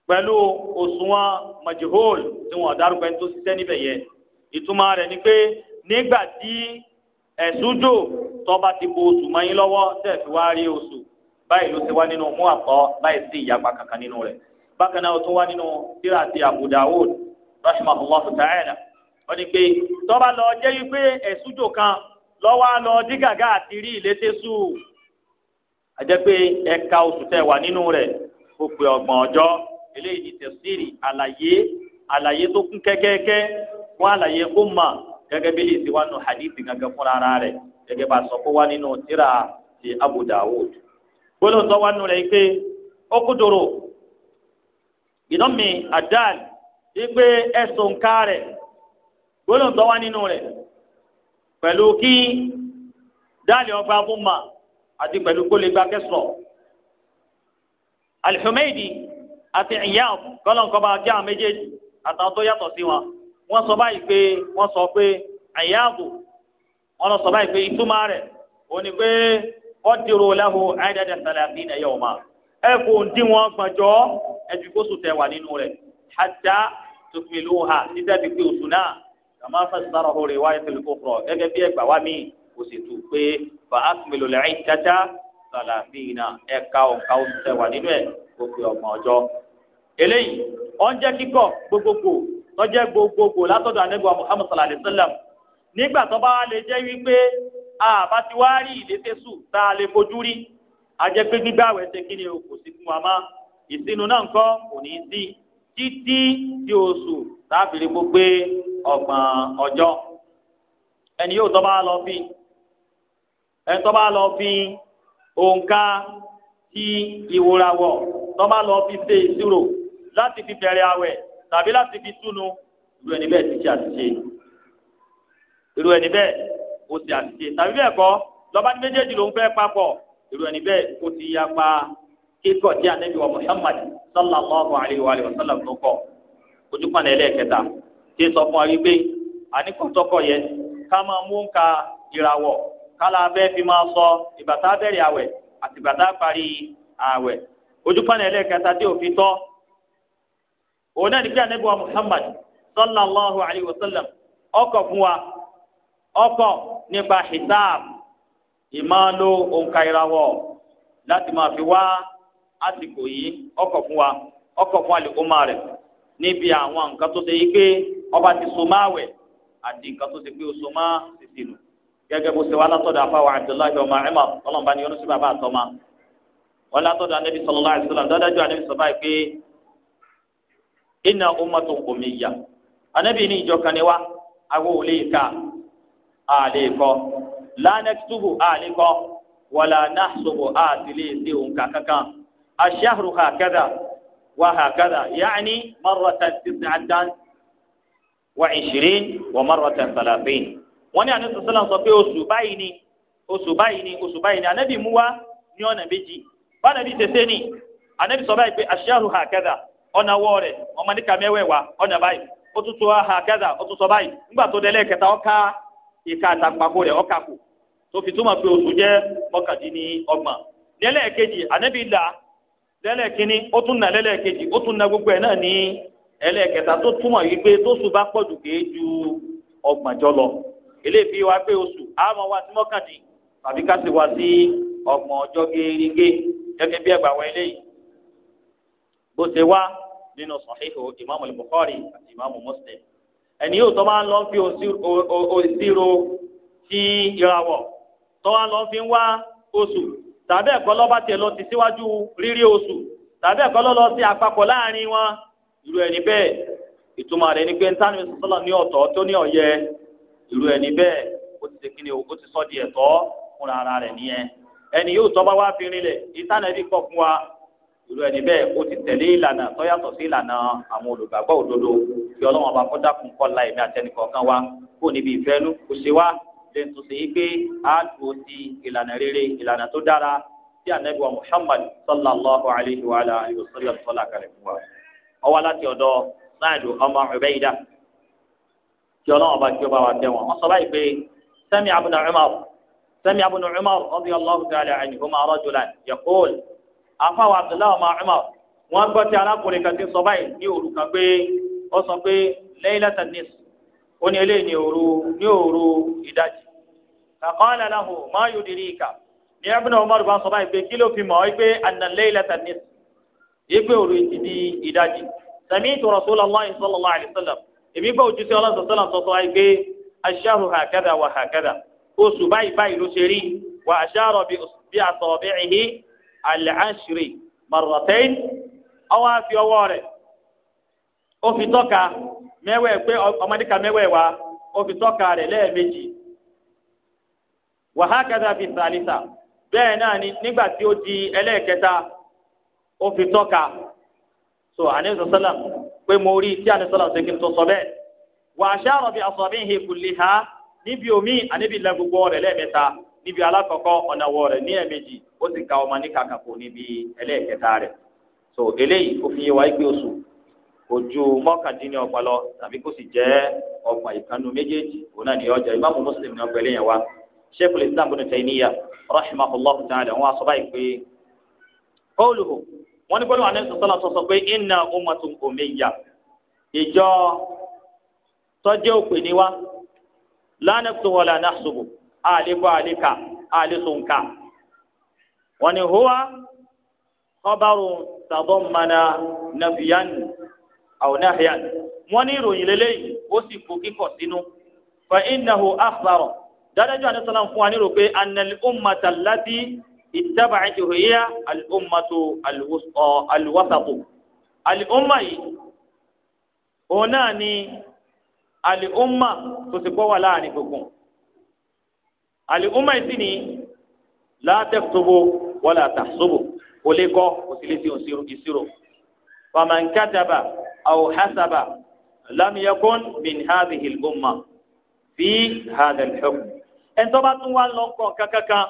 S1: pẹ̀lú òṣùwọ̀n majhul tí wọ́n dárúkọ ẹni tó ṣiṣẹ́ níbẹ̀ yẹn ìtumọ̀ rẹ̀ ni pé nígbà tí ẹ̀sùjò tọ́ba ti bo oṣù mọ́yìn lọ́wọ́ tẹ̀ fi wá rí oṣù báyìí ló ti wá nínú mú àpọ̀ láì sí ìyapa kankan nínú rẹ̀ bákan náà ó tún wá nínú Abu Dawud ta'ala wọ́n ní pé tọ́ba lọ jẹ́ wípé ẹ̀sùjò kan lọ́wọ́ lọ dí àti rí ìlétésù àjẹ́ pé ẹ̀ka oṣù tẹ̀ wà nínú rẹ̀ pé ọgbọ̀n ọjọ́ eléyìí ni tẹ̀síìrì àlàyé àlàyé tó kún kẹ́kẹ́kẹ́ fún àlàyé ó mà gẹ́gẹ́ bí lè wá nù fúnra ara rẹ̀ gẹ́gẹ́ bá a sọ kó wá nínú tírà ti Abu Dawud gbólóńtọ́ wá nù rẹ̀ pé ó kúdòrò ìdánmi àdáàl wípé ẹ̀sùn ká rẹ̀ gbólóhùn tó wá nínú rẹ̀ pẹ̀lú kí dáàlì ọgbà múma àti pẹ̀lú kó lè gba kẹsàn-án. Al-Humaydi àti Iyab kọ́lọ́nkọ́ba kí àwọn méjèèjì àtàwọn tó yàtọ̀ sí wọn wọ́n sọ báyìí pé wọ́n sọ pé Iyab wọ́n lọ sọ báyìí pé ìtumọ̀ rẹ̀ ò ní pé wọ́n dirò lahu 'adada thalathina yawma kò ń dín wọn ẹjú kóso tẹ wà nínú rẹ̀ hatta tukmiluha títẹ́ fi pé oṣù náà kàmá fasarahu riwayatul ukhra gẹ́gẹ́ bí ẹgbà wá mí kò sì tù pé fa akmilul iddata salafina ẹ̀ka ọ̀ka oṣù tẹ wà nínú ẹ̀ kó fi ọgbọ̀n ọjọ́. eléyìí ọ̀n jẹ́ kíkọ̀ gbogbogbò tọ́jẹ́ gbogbogbò látọ̀dọ̀ anẹ́gbà Muhammad sallallahu alayhi sallam nígbà tó bá lè jẹ́ wípé àbá ti wá rí ìlẹ́sẹ̀sù tá a lè fojú rí a jẹ́ pé gbígbà ìsinu náà nǹkan kò ní í sí títí tí oṣù tábìlì gbogbo ọgbọ̀n ọjọ́ ẹni yóò tọ́ bá lọ fi ẹni tọ́ bá lọ fi òǹkà ti ìwòràwọ̀ tọ́ bá lọ fi ṣe ìṣirò láti fi bẹ̀rẹ̀ àwẹ̀ tàbí láti fi túnu irú ẹni bẹ́ẹ̀ ti ṣe àṣìṣe irú ẹni bẹ́ẹ̀ ó ti àṣìṣe tàbí bẹ́ẹ̀ kọ́ lọ́ba ní méjèèjì ló ń fẹ́ papọ̀ irú ẹni bẹ́ẹ̀ ó ti yapa kíkọ̀ tí anabi wa muhammad sallallahu alayhi wa sallam tó kọ̀ ojúkan ẹlẹ́ẹ̀kẹta tí sọ fún wa wípé àníkọ̀tọ́kọ̀ yẹ ká máa mú nǹka ìràwọ̀ kálá abẹ́ fi máa sọ ìgbà tá a bẹ̀rẹ̀ àwẹ̀ àti ìgbà tá a parí àwẹ̀ ojúkan ẹlẹ́ẹ̀kẹta tí òfin tọ́ òun náà ní pé anabi wa muhammad sallallahu alayhi wa sallam ọkọ fún wa ọkọ̀ nípa hisab ìmáa lo òǹkà ìràwọ̀ láti máa fi wá. àsìkò yìí ọkọ̀ fún wa ọkọ̀ fún àlìkómà rẹ̀ níbi àwọn nǹkan tó ṣe yí pé ọba ti so máa àti nǹkan tó o so máa tètè nù gẹ́gẹ́ bó ṣe wá látọ̀dọ̀ afáwà Abdullahi ọmọ ẹ̀mà ọlọ́mọba ni yọ̀nùsí bàbá àtọ́mà wọn látọ̀dọ̀ anabi sallallahu alaihi wasallam dájú anabi sọlá pé anabi ní la wala òǹkà kankan. الشهر هكذا وهكذا يعني مرة تسعة وعشرين ومرة ثلاثين wọ́n ní àníṣe sọ́lá sọ pé oṣù báyìí ni oṣù báyìí ni oṣù báyìí ni ànábì mú wá ní ọ̀nà méjì bánàbí ni ànábì sọ báyìí pé aṣááru hà kẹ́dà ọ̀nà wọ́ rẹ̀ ọmọ níka mẹ́wẹ̀ẹ̀wá ọ̀nà báyìí ó tún sọ hà kẹ́dà ó tún sọ báyìí nígbà tó délé kẹta ọ̀ka ìka àtàkpàkó rẹ̀ ọ̀ka kù tó fi túmọ̀ pé oṣù jẹ́ lẹ́lẹ́kínní ó tún nà lẹ́lẹ́kejì ó tún nà gbogbo ẹ̀ náà ní ẹlẹ́kẹta tó túmọ̀ tó tóṣù bá pọ̀jù kéé ju ọgbọ̀njọ́ lọ eléyìí wa pé oṣù àmọ́ wá sí mọ́kàndín tàbí ká sì wá sí ọgbọ̀n ọjọ́ gẹ́gẹ́ gẹ́gẹ́ bí eléyìí bó ṣe wá nínú tàbí ẹ̀kọ́ lọ́ba tiẹ̀ lọ ti síwájú rírí oṣù tàbí ẹ̀kọ́ lọ́lọ́ sí àpapọ̀ láàrin wọn irú ẹni bẹ́ẹ̀ ìtumọ̀ rẹ̀ ni pé ntánú sọ́lá ní ọ̀tọ̀ tó ní ọ̀yẹ irú ẹni bẹ́ẹ̀ ó ti ṣèkínni o ó ti sọ di ẹ̀tọ́ fúnra ara rẹ̀ nìyẹn ẹni yóò tọ́ba wá fi rinlẹ̀ ìtàn kọ̀ fún wa irú ẹni bẹ́ẹ̀ ó ti tẹ̀lé ìlànà tó yàtọ̀ sí ìlànà àwọn olùgbàgbọ́ òdodo kí ọlọ́run ọba kó dákun kọ́ la ẹ̀mí àtẹnìkọ̀ọ̀kan wa kó níbi ìfẹ́nu kó ṣe wá lè tún sí pé a tó di ìlànà rere ìlànà tó dára tí anabi wa muhammad sallallahu alayhi wa alayhi wa sallam sọlá kalẹ̀ fún wa. ọwọ́ láti ọ̀dọ̀ sáàdù ọmọ Ubayda kí ọlọ́wọ́n bá kí ó bá wa tẹ̀ wọ́n. wọ́n sọ báyìí pé sami ibn Umar sami ibn Umar radiyallahu ta'ala anhuma rajulan yaqul afáwọn abdullahi ọmọ Umar wọ́n gbọ́ tí arákùnrin kan ti sọ báyìí ní òru kan pé ó sọ pé laylatan فقال له ما يدريك ní Ibn Umar bá sọ báyìí pé kí ló fi mọ̀ ọ́ pé anna laylata nis ìpè òru ti di ìdajì sami'tu Rasulullahi sallallahu alaihi wasallam èmi gbọ́ òjíṣẹ́ ọlọ́sọ̀ sọ́lá sọ́sọ́ wáyé pé ash-shahru hakadha wa hakadha oṣù báyìí báyìí ló ṣe rí wa ashara bi asabi'ihi al-ashri marratayn ọwọ́ á fi ọwọ́ rẹ̀ ó fi tọ́ka mẹ́wẹ̀ẹ́ pé ọmọdé ka wa ó fi tọ́ka rẹ̀ lẹ́ẹ̀mejì wàhákàtà fi sàlìsà bẹ́ẹ̀ náà ni nígbà tí ó di ẹlẹ́ẹ̀kẹta ó fi tọ́ka so àníṣe sálàm pé mo rí tí àníṣe sálàm ṣèkí tó sọ bẹ́ẹ̀ wà á ṣàrọ̀ bí ha níbi omi àníbi ilẹ̀ gbogbo rẹ̀ lẹ́ẹ̀mẹ́ta níbi alákọ̀ọ́kọ́ ọ̀nà wọ̀ rẹ̀ ní ó sì ka ọmọ so eléyìí ó fi wa oṣù ojú ọ̀pọ̀lọ tàbí kó sì jẹ́ ọgbà méjèèjì òun náà ni ọjà wa sheikh islam bin taymiya rahimahullah ta'ala wọn aṣọ báyìí pé kóòlùhù wọn ní gbọ́dọ̀ àníṣe sọlá sọ pé inna ummatun ummiya ìjọ tọjọ òpè ní wa la nafsu wala nahsubu àlekọ àleka àlesonka wọn ni huwa kọbaru tadammana nafiyan aw nahyan wọn ní ìròyìn lélẹyìn ó sì kó kíkọ sínú fa innahu akhbara dáadájú àti sọlá ń fún wa nírò pé anali ummata lati ìtaba ìhòyà alùmmatu alùwàsàkù alùmma yìí òun náà ni alùmma tó ti gbọ́ wà láàrin gbogbo alùmma yìí sì ni látẹ̀kùtòbó wala tahsubu kò lè kọ́ kò sì lè ṣe ìṣirò faman kataba aw hasaba lam min hadhihi al fi hadha al ẹni tó bá tún wá lọ kọ kankankan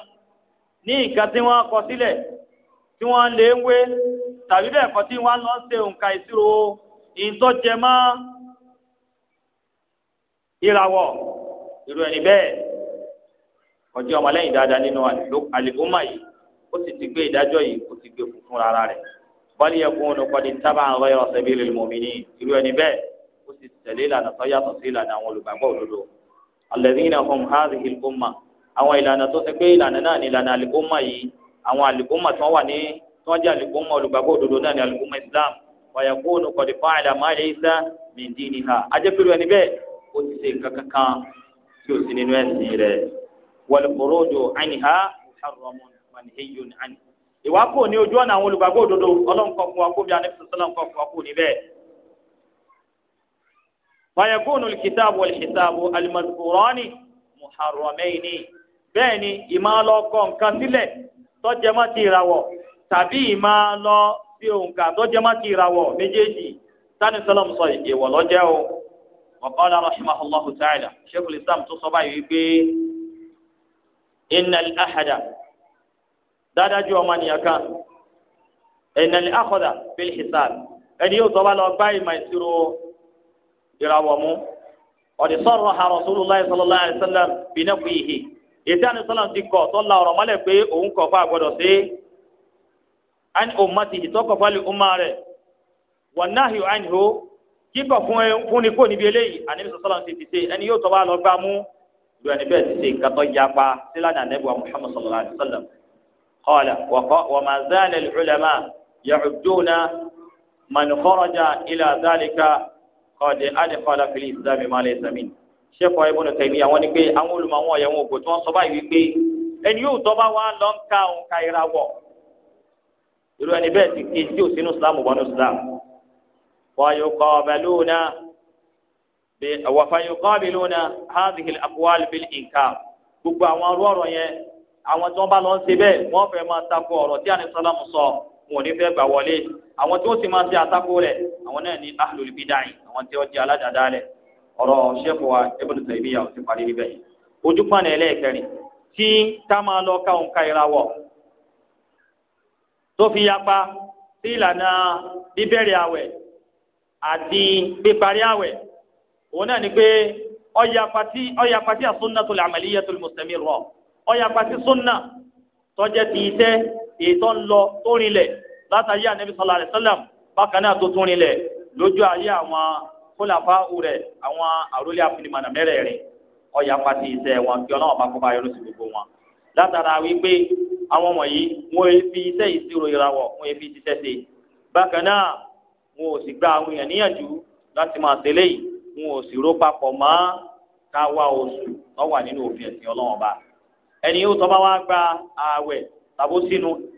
S1: ní nǹkan tí wọ́n kọ sílẹ̀ tí wọ́n lè ń wé tàbí bẹ́ẹ̀ kọ́ tí wọ́n lọ ṣe nǹkan ìṣirò ìtọ́jẹmọ́ ìràwọ̀ irú ẹni bẹ́ẹ̀ ọjọ́ ọmọlẹ́yìn dáadáa nínú àlìkúmà yìí ó sì ti gbé ìdájọ́ yìí ó ti gbé fún ara rẹ̀ bọ́lí ẹkún olùkọ́ni tábà ń rọ ẹ̀rọ sẹ́bí rẹ̀ mọ̀mí ní irú ẹni bẹ́ẹ̀ ó sì tẹ̀lé ìlànà tó yàtọ̀ sí ìlànà àwọn olùgbàgbọ́ òdodo alladhina hum hadhihi al-umma àwọn ìlànà tó ṣe pé ìlànà náà ni ìlànà àlìkùmà yìí àwọn àlìkùmà tí wọ́n wà ní tí wọ́n jẹ́ àlìkùmà olùgbàgbọ́ òdodo náà ni àlìkùmà islam wa yakunu qad fa'ala ma laysa min diniha ajẹ́pẹ̀lú ẹni bẹ́ẹ̀ ó ti ṣe nǹkan kankan tí ó sì nínú ẹ̀sìn rẹ̀ wal khuruju anha muharramun manhiyun ìwà kò ní ojú ọ̀nà àwọn olùgbàgbọ́ òdodo ọlọ́nkọ̀ọ̀kọ̀ fàyẹ̀kùnù kìtàbù alìkìtàbù alìmọ̀sùkùrọ́nì muharramẹ́ni bẹ́ẹ̀ ni ìmọ̀ lọ kọ nǹkan sílẹ̀ tọ́jẹ́mọ́ ti ìràwọ̀ tàbí ìmọ̀ lọ sí òǹkà tọ́jẹ́mọ́ ti ìràwọ̀ méjèèjì sani sọlọm sọ ìwọ lọjẹ o wàkọọlá rahimahullahu ta'ala sheikhul islam tó sọ báyìí wípé innal ahada dáadájú ọmọ nìyà kan innal akhada bil ẹni yóò tọ́ bá lọ gbá ìmọ̀ ìṣirò ìràwọ̀ mú ọ̀dì sọ̀rọ̀ ha rasulullah sallallahu alayhi wa sallam bìnnà fún ìhè ètò àni sọlá ti kọ̀ tó la ọ̀rọ̀ mọ́lẹ̀ pé òun kọ̀ fún àgbọ̀dọ̀ sí ani ummati ìtọ́kọ̀ fún alùpùpù rẹ̀ wọ́n náà yóò àyìn hó kíkọ̀ fún ẹ fún ni kò níbi eléyìí àníbi sọlá ti ti ṣe ẹni yóò tọ́ bá lọ gbá mú lu ti ṣe nǹkan tó yapa sílánà ànábì wa muhammad sallallahu alayhi wa sallam qala wa ma zala al-ulama ya'udduna man kharaja ila dhalika ọ̀dẹ adẹ́kọ̀ọ́lá fìlí ìsìlámì máa lè sàmì ṣẹ́kọ̀ ibùdó tẹ̀mí àwọn ni pé àwọn olùmọ̀wọ́n ọ̀yẹ̀wò ògbò tí wọ́n sọ báyìí wípé ẹni yóò tọ́ bá wà lọ ń ka òun ka ìràwọ̀ irú ẹni bẹ́ẹ̀ ti ké tí ò sínú islam bọ́nú islam wàyùkọ́ bẹ̀lúùnà wàfàyùkọ́ bẹ̀lúùnà hadhihi al-aqwal bil inkar gbogbo àwọn arú ọ̀rọ̀ yẹn àwọn tí wọ́n bá lọ ń ṣe bẹ́ẹ̀ wọ́n fẹ́ máa takò ọ̀rọ̀ tí àní sọ́lámù sọ wọn ò ní fẹ́ gbà wọlé àwọn tí wọ́n sì máa ṣe àtakò rẹ̀ àwọn náà ní ahlul bid'ah àwọn tí wọ́n jẹ́ aládàádáálẹ̀ ọ̀rọ̀ ṣẹ́kù wa Ibn Taymiyyah ti parí níbẹ̀ yìí ojú pọ́n ẹlẹ́ẹ̀kẹrin tí ká máa lọ ká òǹkà ìràwọ̀ tó fi yapa sí ìlànà bíbẹ̀rẹ̀ àwẹ̀ àti píparí àwẹ̀ òun náà ni pé ọ̀yàpá tí as-sunnatul amaliyyatul mustamirra ọ̀yàpá tí sunna tọ́jẹ́ ti iṣẹ́ ètò ńlọ tó rinlẹ̀ látàrí ànábi sallallahu alaihi wasallam bákan náà tó tún rinlẹ̀ lójú ayé àwọn kólàfà rẹ̀ àwọn àrólé àfinimọ̀nà mẹ́rẹ̀ẹ̀rin ọ̀yà pàtì iṣẹ́ wọn kí ọlọ́wọ́n bá kó bá yọrù sí gbogbo wọn látara wípé àwọn wọ̀nyí wọn ò fi iṣẹ́ ìṣirò ìràwọ̀ wọn ò fi ṣiṣẹ́ ṣe bákan náà wọn ò sì gba àwọn èèyàn níyànjú láti máa tẹ̀lé yìí wọn ò sì ró papọ̀ mọ́ káwa oṣù tó wà nínú òfin ẹ̀sìn ọlọ́wọ́n bá ẹni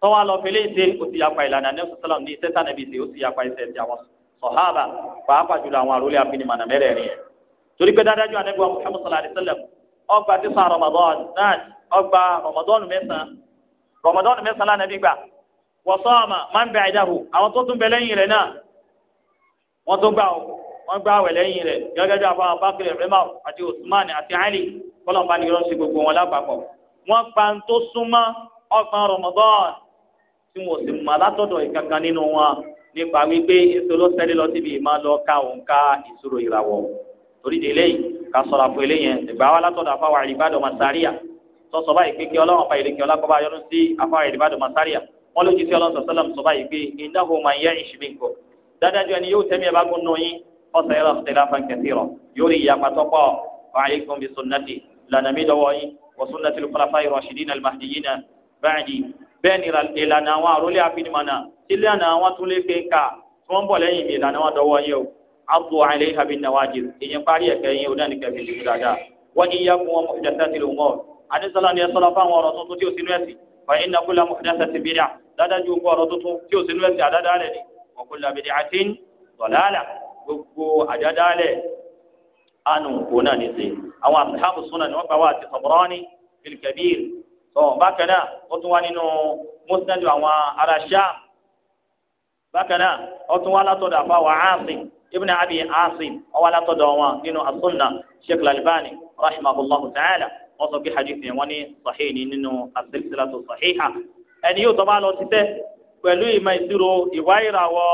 S1: tọ́wọ́ lọ fẹlẹ́ ṣe ó ti yapa ìlànà nẹ́ẹ̀sì sọ́lọ́m ní sẹ́tà nàbí ṣe ó ti yapa ìṣẹ̀ ti àwọn sọ̀hábà pàápàá jùlọ àwọn àròlé afinimọ̀nà mẹ́rẹ̀ẹ̀rin yẹn. torí pé dáadájú anagba muhammed sallallahu alayhi wa sallam ọgbà tí sàn ramadan náà ọgbà ramadan mẹ́sàn-án ramadan mẹ́sàn-án lánàbí gbà wọ́sọ́ọ̀mà máa ń bẹ àìdáhù àwọn tó tún bẹ lẹ́yìn rẹ̀ náà wọ́n tún gbà wọ́n gbà wẹ̀ lẹ́yìn rẹ̀ gẹ́gẹ́ àwọn abákẹ́lẹ̀ rẹ́mà àti usman àti ali kọ́lọ́ọ̀bá ni yọrọ sí gbogbo wọn lápapọ̀ wọ́n pa ń tó súnmọ́ ọgbọ̀n ramadan tí wọn sì mọ alátọ̀dọ̀ ìkankan nínú wọn nípa wípé èso ló tẹ́lẹ̀ lọ síbi ìmọ̀ lọ ka òǹkà ìṣòro ìràwọ̀ torí délé yìí ká sọ̀rọ̀ àpò eléyẹn ìgbà wa látọ̀dọ̀ àfáwà ìrìbàdàn masaria sọ̀sọ̀ báyìí pé kí ọlọ́run fa ìrìkẹ́ ọlákọ́bá yọnu sí àfáwà ìrìbàdàn masaria wọn ló jí sí ọlọ́run sọ̀sọ́lọ́m sọ báyìí pé innahu man ya'ish minkum dáadájú ẹni yóò tẹ́mi ẹ̀bá gún nùyín ọ̀sẹ̀ yín wa sunnati bẹ́ẹ̀ ni ìlànà àwọn àrólé àfinimọ̀nà ìlànà àwọn tún lè fi kà tí wọ́n ń bọ̀ lẹ́yìn mi ìlànà wọn dọwọ́ yẹ o abu alayhi habi nawajir ìyẹn parí ẹ̀kẹ́ yẹn o náà ní kẹfì ìdìbò dáadáa wọ́n ní yẹ kó wọn mọ̀fìdásá ti lò ń wọ̀ anisala ni ẹ sọlá fáwọn ọ̀rọ̀ tuntun tí o sinú ẹ̀sìn fa inna kulla mọ̀fìdásá ti bídà dáadáa ju ọ̀rọ̀ tuntun tí o sinú ẹ̀sìn àdáadáa lẹ̀ ni wa kulla bid'atin dalalah gbogbo àdáadáa lẹ̀ anu kò náà ní sè àwọn ashabu sunan ni wọ́n gbà wá àti Tabrani fil kabir sọ bákan náà ó tún wá nínú bakana àwọn ará Sham bákan náà ó tún wá látọ̀dọ̀ ibn Abi Asim ó wá látọ̀dọ̀ wọn nínú as Sheikh Al-Albani ta'ala sọ hadith yẹn ní sahih nínú sahiha ẹni yóò lọ títẹ́ pẹ̀lú ìmọ̀ ìṣirò ìwà ìràwọ̀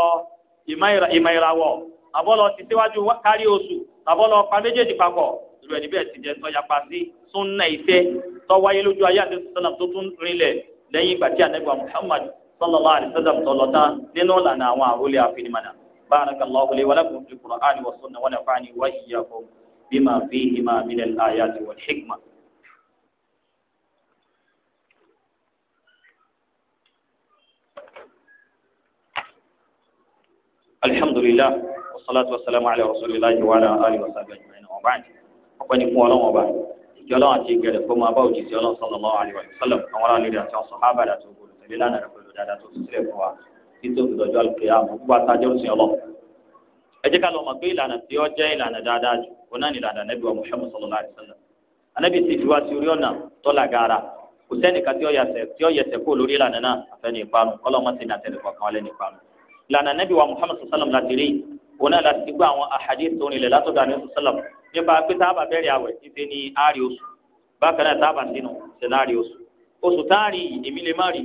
S1: ìmọ̀ ìràwọ̀ àbọ̀lọ̀ irú ẹni bẹ́ẹ̀ ti jẹ́ tọ́yapa sí súnà iṣẹ́ tọ́wáyé lójú ayé àti sọ́nà tó tún rinlẹ̀ lẹ́yìn ìgbà tí ànábì Muhammad sallallahu alaihi wasallam tọ́lọ́tà nínú ìlànà àwọn àrólé àfinimọ̀nà barakallahu li wa lakum fil qur'ani was sunnah wa nafa'ani wa iyyakum bima fihima min al ayati wal hikma. الحمد لله والصلاة والسلام على رسول الله وعلى آله وصحبه أجمعين وبعد ọpẹ́ ní fún ọlọ́wọ́n ọba ìjọ ọlọ́wọ́n àti ìgbẹ̀rẹ̀ kó máa bá òjì sí ọlọ́run sallallahu alaihi wasallam àwọn aráàlú rẹ̀ àti àwọn sọ̀hábà rẹ̀ àti ògbòrò tẹ̀lé lánàá rẹ̀ pẹ̀lú dáadáa tó sílẹ̀ fún wa títí òfin lọ́jọ́ àlùkìyà mọ̀ gbogbo àtàjọ́ sí ọlọ́ ẹ jẹ́ ká lọ mọ̀ pé ìlànà tí ó jẹ́ ìlànà dáadáa jù ó náà ní ìlànà nẹ́bí wa Muhammad sallallahu alaihi wasallam anábì ti fi wá sí orí ọ̀nà tọ́lá gaara tó nípa pé táàbà bẹ̀rẹ̀ àwẹ̀ títí ní àárí oṣù bákan náà táàbà sínú ṣẹlẹ̀ àárí oṣù oṣù táàrí èmi lè má rí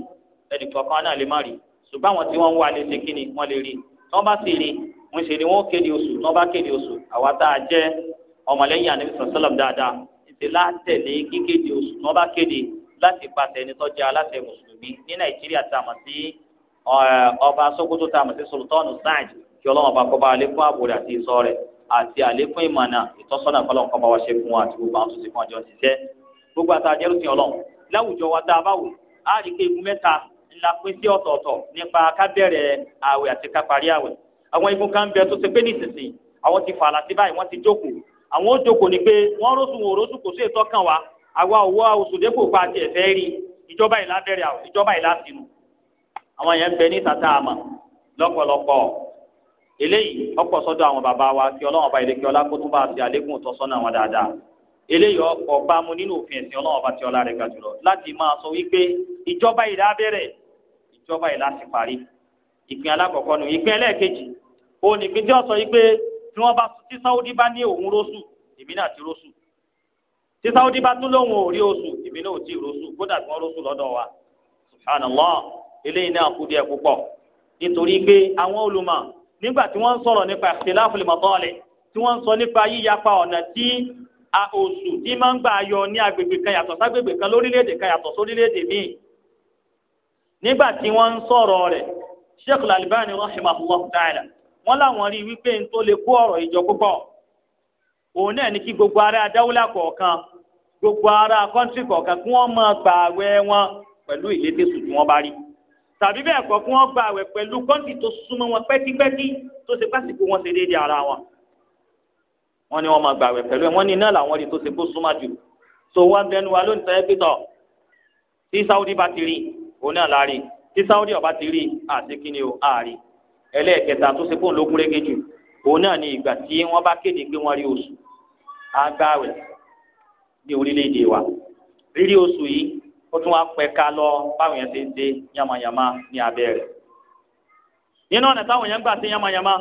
S1: ẹnì kọ̀ọ̀kan náà lè má rí ṣùgbọ́n àwọn tí wọ́n ń wá lè ṣe kí ni wọ́n lè rí wọ́n bá sì rí wọ́n ṣe ni wọ́n kéde oṣù wọ́n bá kéde oṣù àwa tá a jẹ́ ọmọlẹ́yìn ànábì sọ̀sọ́lọ̀m dáadáa ìṣe látẹ̀lé kíkéde oṣù wọ́n bá kéde láti pàṣẹ ẹni tó jẹ́ aláṣẹ mùsùlùmí ní nàìjíríà tá a mọ̀ sí ọba sókótó tá a mọ̀ sí sultan Saad kí ọlọ́run ọba kọ́ba alẹ́ fún àbúrò àti ìsọ rẹ̀ àti àlékún ìmọ̀nà ìtọ́sọ́nà fọlọ́n kọ́ bá wa ṣe fún wa àti gbogbo àwọn tó ti fún ọjọ́ ṣiṣẹ́ gbogbo àti àjẹrù sí ọlọ́run láwùjọ wa tá a bá wò á rí pé igun mẹ́ta ńlá pín sí ọ̀tọ̀ọ̀tọ̀ nípa ká bẹ̀rẹ̀ àwẹ̀ àti ká parí àwẹ̀ àwọn igun kan bẹ tó ṣe pé nísinsìnyí àwọn ti fàlà sí báyìí wọ́n ti jókòó àwọn ó jókòó ni pé wọ́n rósùn òrósùn kò sí ètò kan wa àwa òwò òṣùdépò pa àti ẹ̀fẹ́ rí ìjọba ìlà bẹ̀rẹ̀ ìjọba ìlà sínú àwọn yẹn bẹ ní tata àmà lọ́pọ̀lọpọ̀ eléyìí ọ̀pọ̀ sọ́dọ̀ àwọn bàbá wa kí Ọlọ́run ọba ìlẹkẹ ọlá kó tún bá ti àlékún tọ́sọ́nà wọn dáadáa eléyìí ọ̀pọ̀ bá mu nínú òfin ẹ̀sìn Ọlọ́run ọba tí ọlá rẹ̀ ga jùlọ láti máa sọ wípé ìjọba ìlà bẹ̀rẹ̀ ìjọba ìlà sì parí ìpín alákọ̀ọ́kọ́ nù ìpín ẹlẹ́ẹ̀kejì òun nìpín tí wọ́n sọ wípé tí wọ́n bá tí sáwọ́dí bá ní òun rósù èmi náà ti rósù tí sáwọ́dí bá tún lóun ò rí èmi náà ò nítorí pé àwọn olùmọ̀ nígbà tí wọ́n ń sọ̀rọ̀ nípa ìṣẹ̀láfìlì mọ̀tọ́ọ̀lẹ̀ tí wọ́n ń sọ nípa yíyapa ọ̀nà tí oṣù tí máa ń gbà yọ ní agbègbè kan yàtọ̀ ságbègbè kan lórílẹ̀‐èdè kan yàtọ̀ sórílẹ̀‐èdè míì nígbà tí wọ́n ń sọ̀rọ̀ rẹ̀ Sheikh Al-Albani rahimahullah ta'ala wọ́n láwọn rí wípé n tó lè kó ọ̀rọ̀ ìjọ púpọ̀ òun náà ní kí gbogbo ará dáwúlà kọ̀ọ̀kan gbogbo ará kọ́ńtì kọ̀ọ̀kan kí wọ́n máa gbààwẹ̀ wọn pẹ̀lú ìlétèsù tí wọ́n bá rí tàbí bẹ́ẹ̀ kọ́ kí wọ́n gba àwẹ̀ pẹ̀lú kọ́ńtì tó súnmọ́ wọn pẹ́kípẹ́kí tó ṣe pásìkò wọn ṣe déédéé ara wọn. wọ́n ní wọ́n máa gba àwẹ̀ pẹ̀lú ẹ̀ wọ́n ní iná làwọn rí tó ṣe kó súnmọ́ jù so wọ́n bẹnu wa lónìí tẹ́lẹ̀ pítọ̀ tí Saudi bá ti rí òun náà láàrí tí Saudi ọba ti rí àti kíni o àárí ẹlẹ́ẹ̀kẹta tó ṣe fóun lógún régé jù òun náà ní ìgbà tí wọ́n bá kéde pé wọ́n rí oṣù àgbáwẹ̀ ní orílẹ̀-èdè wa ó tún wá pẹ̀ka lọ báwọn yẹn ti ń dé yamayama ní abẹ́ rẹ̀ nínú ọ̀nà táwọn yẹn ń gbà sí yamayama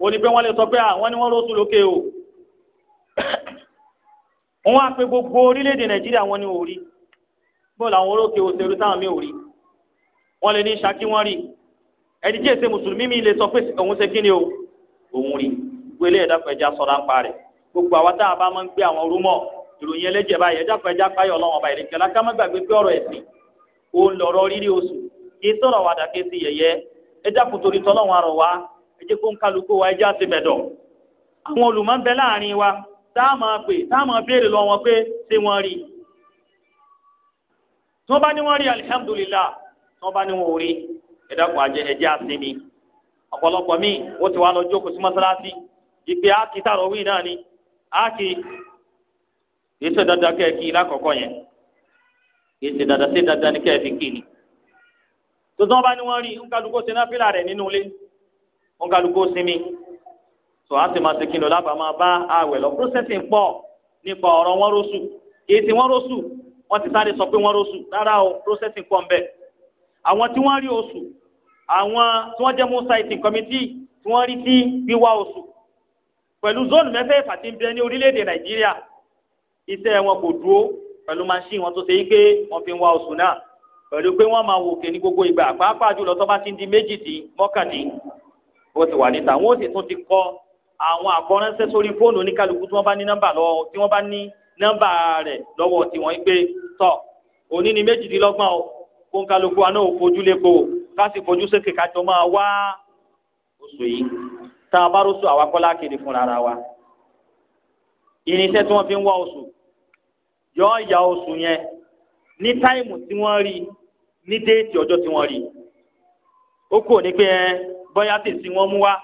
S1: wọ́n ní pé wọ́n lè sọ pé àwọn ni wọ́n lóṣù lókè o [COUGHS] wọ́n á pe gbogbo orílẹ̀-èdè nàìjíríà wọ́n ní orí bọ́ọ̀lù àwọn olókè òṣèlú táwọn mi ò rí wọ́n lè ní ṣákí wọ́n rí ẹni tí èsè mùsùlùmí mi lè sọ pé òun ṣe kí ni o òun rí gbogbo eléyìí dáfẹ́ já sọ́ra ń pa rẹ̀ gbogbo àwa tá a bá máa ń gbé àwọn rúmọ̀ ìròyìn ẹlẹ́jẹ̀ báyìí ẹjá fún ẹjá páyọ̀ ọlọ́run ọba ìrìnkẹ́ lákàmọ́ gbàgbé pé ọ̀rọ̀ ẹ̀sìn kò ń lọ̀rọ̀ rírí oṣù kì í sọ̀rọ̀ wàdà kì í wa bẹ̀dọ̀. àwọn wa a máa a lọ wọn pé ṣé wọ́n rí i. tí wọ́n bá ní wọ́n rí alihamudulilah tí wọ́n bá ní wọ́n kìí dada dandan kẹ́ ẹ kí i lákọ̀ọ́kọ́ yẹn kìí ṣe dandan ṣe dandan ni kẹ́ fi kí ni. tuntun bá ní wọ́n rí nkálukó ṣe náfìlà rẹ̀ nínú ilé nkálukó sinmi tó a sì máa ṣe kíni ọlábàá máa bá àwẹ̀ lọ processing pọ̀ nípa ọ̀rọ̀ wọn rọ́ṣù kìí ti wọn rọ́ṣù wọ́n ti sáré sọ pé wọ́n rọ́ṣù rárá o processing pọ̀ nbẹ̀ àwọn tí wọ́n rí oṣù àwọn tí wọ́n jẹ́ mosaicin committee tí wọ́n rí sí wíwá oṣù pẹ̀lú zone mẹ́fẹ̀ẹ̀fà ti ń bẹ ní orílẹ̀ Nàìjíríà iṣẹ́ wọn kò dúró pẹ̀lú machine wọn tó ṣe pé wọ́n fi ń wá oṣù náà pẹ̀lú pé wọ́n máa wò ké ní gbogbo ìgbà pàápàá jùlọ tó bá ti ń di méjìdín mọ́kàndín ó ti wà níta wọn ó sì tún ti kọ àwọn àkọránṣẹ́ sórí fóònù oníkálukú tí wọ́n bá ní nọ́mbà lọ́wọ́ tí wọ́n bá ní nọ́mbà rẹ̀ lọ́wọ́ tiwọn pé tọ̀ òní ni méjìdínlọ́gbọ̀n o kó ń kálukú wa náà ò fojú lépo ká sì fojú sókè ká jọ máa wá oṣù yìí tá a bá rọ́ṣù àwa kọ́lá kéde fúnra wa irinṣẹ́ tí wọ́n fi ń wá oṣù yọọ ya oṣù yẹn ní táìmù tí wọ́n rí ní déètì ọjọ́ tí wọ́n rí ó kò ní pé ẹ bóyá tèsí wọn mú wá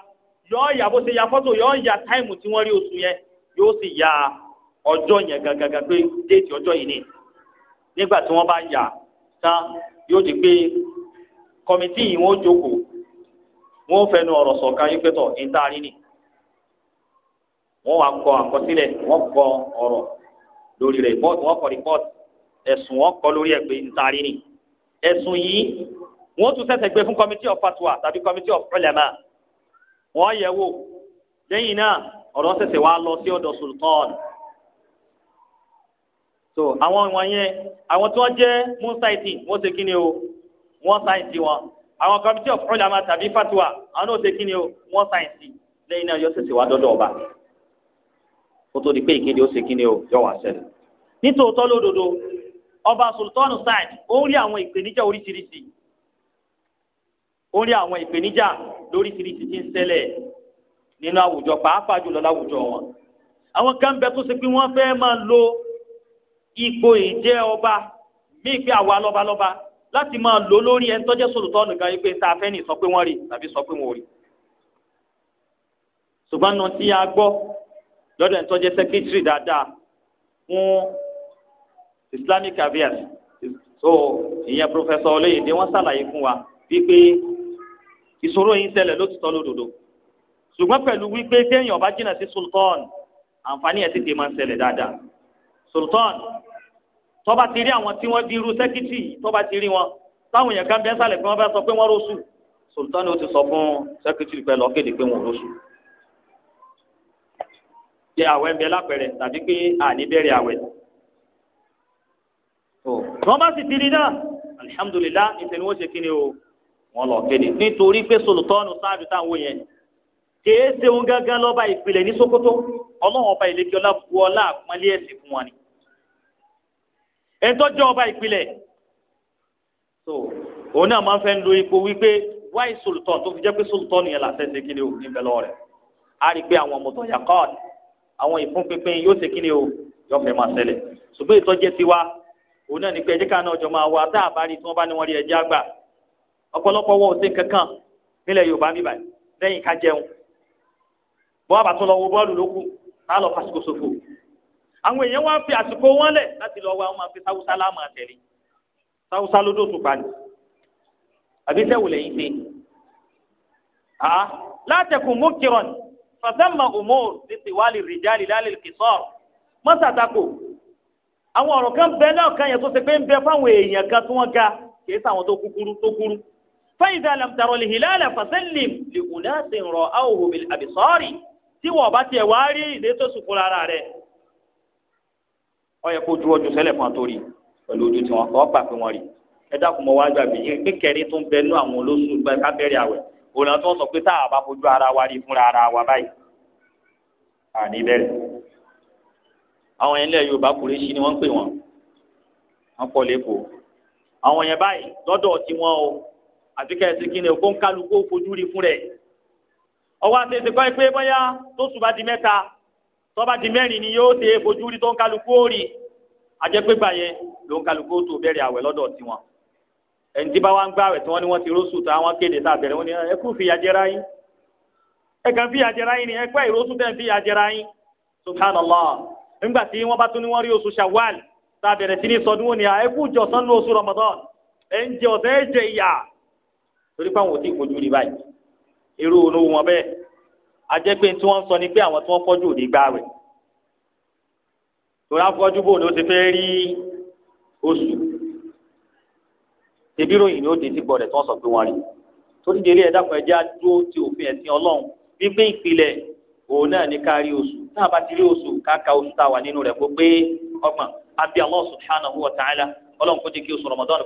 S1: yọ ya bó ṣe ya fọ́tò yọọ ya táìmù tí wọn rí oṣù yẹn yóò sì ya ọjọ yẹn gàgàgà pé déètì ọjọ yìí ni nígbà tí wọ́n bá yà tán yóò di pé kọ́mítì yìí wọ́n jókòó wọ́n fẹnu ọ̀rọ̀ sọ̀kan yìí pẹ́tọ̀ ìtaari ni wọ́n wá kọ àkọsílẹ̀ wọ́n kọ ọ̀rọ̀ lórí rẹ̀ rìpọ́ọ̀tù wọ́n kọ rìpọ́ọ̀tù ẹ̀sùn wọ́n kọ lórí ẹ̀ pé ntaari ni ẹ̀sùn yìí wọ́n tún ṣẹ̀ṣẹ̀ gbé fún committee of fatwa tàbí committee of ulama wọ́n yẹ̀ wò lẹ́yìn náà ọ̀rọ̀ ṣẹ̀ṣẹ̀ wá lọ sí ọ̀dọ̀ sultan so àwọn wọ̀nyẹn àwọn tí wọ́n jẹ́ moon site wọ́n ṣe kí ni o wọ́n sáyẹ̀nsì wọn àwọn committee of ulama tàbí fatwa àwọn náà ṣe kí ni o wọ́n sáyẹ̀nsì lẹ́yìn náà yọ ṣẹ̀ṣẹ̀ wá dọ́dọ̀ ọba kó tó di pé ìkéde ó ṣe kíni o yọ wá ṣẹlẹ̀ nítòótọ́ lódodo ọba sultanu saad ó rí àwọn ìpèníjà oríṣiríṣi ó rí àwọn ìpèníjà lóríṣiríṣi tí ń ṣẹlẹ̀ nínú àwùjọ pàápàá jùlọ láwùjọ wọn àwọn kan bẹ tó ṣe pé wọ́n fẹ́ẹ́ máa lo ipò ìjẹ́ ọba míì pé àwa lọ́balọ́ba láti máa lò lórí ẹni tọ́jẹ́ sultanu kan yìí pé tá a fẹ́ nì sọ pé wọ́n rí tàbí sọ pé wọ́n rí ṣùgbọ́n nù tí a gbọ́ lọ́dọ̀ ẹni tó jẹ́ sẹ́kítírì dáadáa fún islamic affairs so ìyẹn pòfẹsọ olóyèdè wọ́n ṣàlàyé fún wa wípé ìṣòro yìí ń ṣẹlẹ̀ lótìtọ́ lódodo ṣùgbọ́n pẹ̀lú wípé téèyàn bá jìnnà sí sultan àǹfààní ẹ̀ tètè máa ń ṣẹlẹ̀ dáadáa sultan tó bá ti rí àwọn tí wọ́n di irú sẹ́kítì tó bá ti rí wọn táwọn èèyàn kan bẹ́ẹ̀ sálẹ̀ pé wọ́n bá sọ pé wọ́n rọ́ṣù sultan ó ti sọ fún sẹ́kítì pẹ̀lú ọ̀kéde pé wọ́n rọ́ṣù jẹ àwẹ̀ ń bẹ lápẹ̀rẹ̀ tàbí pé àní bẹ̀rẹ̀ àwẹ̀. wọ́n bá sì ti rí náà alihamudulilayi ìfẹ́ ni wọ́n ṣe kíni o wọ́n lọ kéde nítorí pé solutọ́ọ̀nù sáájú táwọn yẹn kèé ṣe ohun gángan lọ́ba ìpìlẹ̀ ní Sokoto ọlọ́run ọba ìlẹ́kẹ́ ọlá bu ọlá àpọ́nlé ẹ̀sìn fún wọn ni ẹ̀ńtọ́jú ọba ìpìlẹ̀ so òun náà máa ń fẹ́ lo ipò wípé wáyé solutọ́ọ̀nù tó fi jẹ́ pé solutọ́ọ̀nù yẹn làṣẹ́ ṣe kíni o níbẹ̀ lọ́wọ́ rẹ̀ á rí i pé àwọn mọ̀tọ́ yà kọ́ọ̀tù àwọn ìfúnpínpín yóò ṣe kí ni o yóò fẹ́ máa ṣẹlẹ̀ ṣùgbọ́n ìtọ́jẹ́ tiwa òun náà ní pé ẹjẹ́ káàánú ọjọ́ máa wá tá a bá rí tí wọ́n bá ní wọ́n rí ẹjẹ́ àgbà ọ̀pọ̀lọpọ̀ wọn ò sí kankan nílẹ̀ Yorùbá mi báyìí lẹ́yìn ká jẹun bọ́ àbàtú lọ wo bọ́ọ̀lù lókù tá a lọ fásitì ṣòfò àwọn èèyàn wá fi àsìkò wọn lẹ̀ láti lọ wá máa fi sáwúsá láàmú àtẹ̀lé sáwúsá lódò tó pa àbí sẹ́wò lẹ́yìn ṣe àá látẹ̀kùn mọ́kìrọ̀ fàtàmà umur ní tiwali rìjálì lálẹ́ kìsọ́ọ̀ mọ́sàtàkù àwọn ọ̀rọ̀ kan bẹ náà kan yẹn tó ṣe pé ń bẹ fáwọn èèyàn kan tí wọ́n ga kìí sáwọn tó kúkúrú tó kúrú. fẹ́yìntà làmtàrọ̀ lè hilálẹ̀ fàṣẹ́lìm lè kùn náà ń rọ àwòrán àbísọ́ọ̀rì tí wọ́n bá tiẹ̀ wá rí ilé tó sùn fúnra ara rẹ̀. ó kó ju ọjọ́ sẹ́lẹ̀ fún àtórí pẹ̀lú ojú tí wọ́n kọ́ pàpẹ́ wọn rí ẹ dákun mọ́ wájú àbí kékeré tó ń bẹ nú àwọn olóṣù gbẹ kábẹ́rẹ́ àwẹ̀ òun tó sọ pé tá a bá fojú ara wa rí fúnra ara wa báyìí àní bẹ̀rẹ̀ àwọn yẹn lẹ̀ Yorùbá kùrẹ́sì ni wọ́n ń pè wọ́n wọ́n pọ̀ lẹ́kọ̀ọ́ àwọn yẹn báyìí lọ́dọ̀ tiwọn o àti kẹ́sì kí ni o kó ń kálukú fojú rí fún rẹ̀ ọwọ́ àti ètò kan pé bóyá tó sùn bá di mẹ́ta tó bá di mẹ́rin ni yóò ṣe fojú rí tó ń kálukú rí àjẹpégbà yẹn ló ń kálukú tó bẹ̀rẹ̀ àwẹ̀ lọ́dọ̀ tiwọn ẹni tí bá wá ń gbá rẹ̀ tí wọ́n ní wọ́n ti rósù tó àwọn kéde tá a bẹ̀rẹ̀ wọn ni ẹ kú fìyà jẹra yín ẹ kàn fìyà jẹra yín ni ẹ pẹ́ ìrósù tẹ̀ ń fìyà jẹra yín subhanallah nígbà tí wọ́n bá tún ní wọ́n rí oṣù shawwal tá a bẹ̀rẹ̀ sí ní sọdún wọn ni ẹ kú jọ sọ́nù oṣù ramadan ẹ ń jẹ ọ̀sẹ̀ ẹ jẹ ìyà torí pé àwọn ò tí ì fojú rí báyìí irú òun wọn bẹ́ẹ̀ a pé tí wọ́n sọ ni pé àwọn tí wọ́n fọ́jú òde gbá rẹ̀ torí afọ́jú bò ni ó ti fẹ́ rí oṣù ṣèbí ròyìn ni ó dé rẹ̀ tí wọ́n sọ pé wọ́n rí torí ẹ̀ dàpọ̀ ẹja dúró ti òfin ẹ̀sìn ọlọ́run wípé ìpìlẹ̀ òun náà ní kárí oṣù tá a bá ti rí oṣù oṣù tá a wà nínú rẹ̀ kó àbí Allah subhanahu wa ta'ala ọlọ́run kí oṣù Ramadan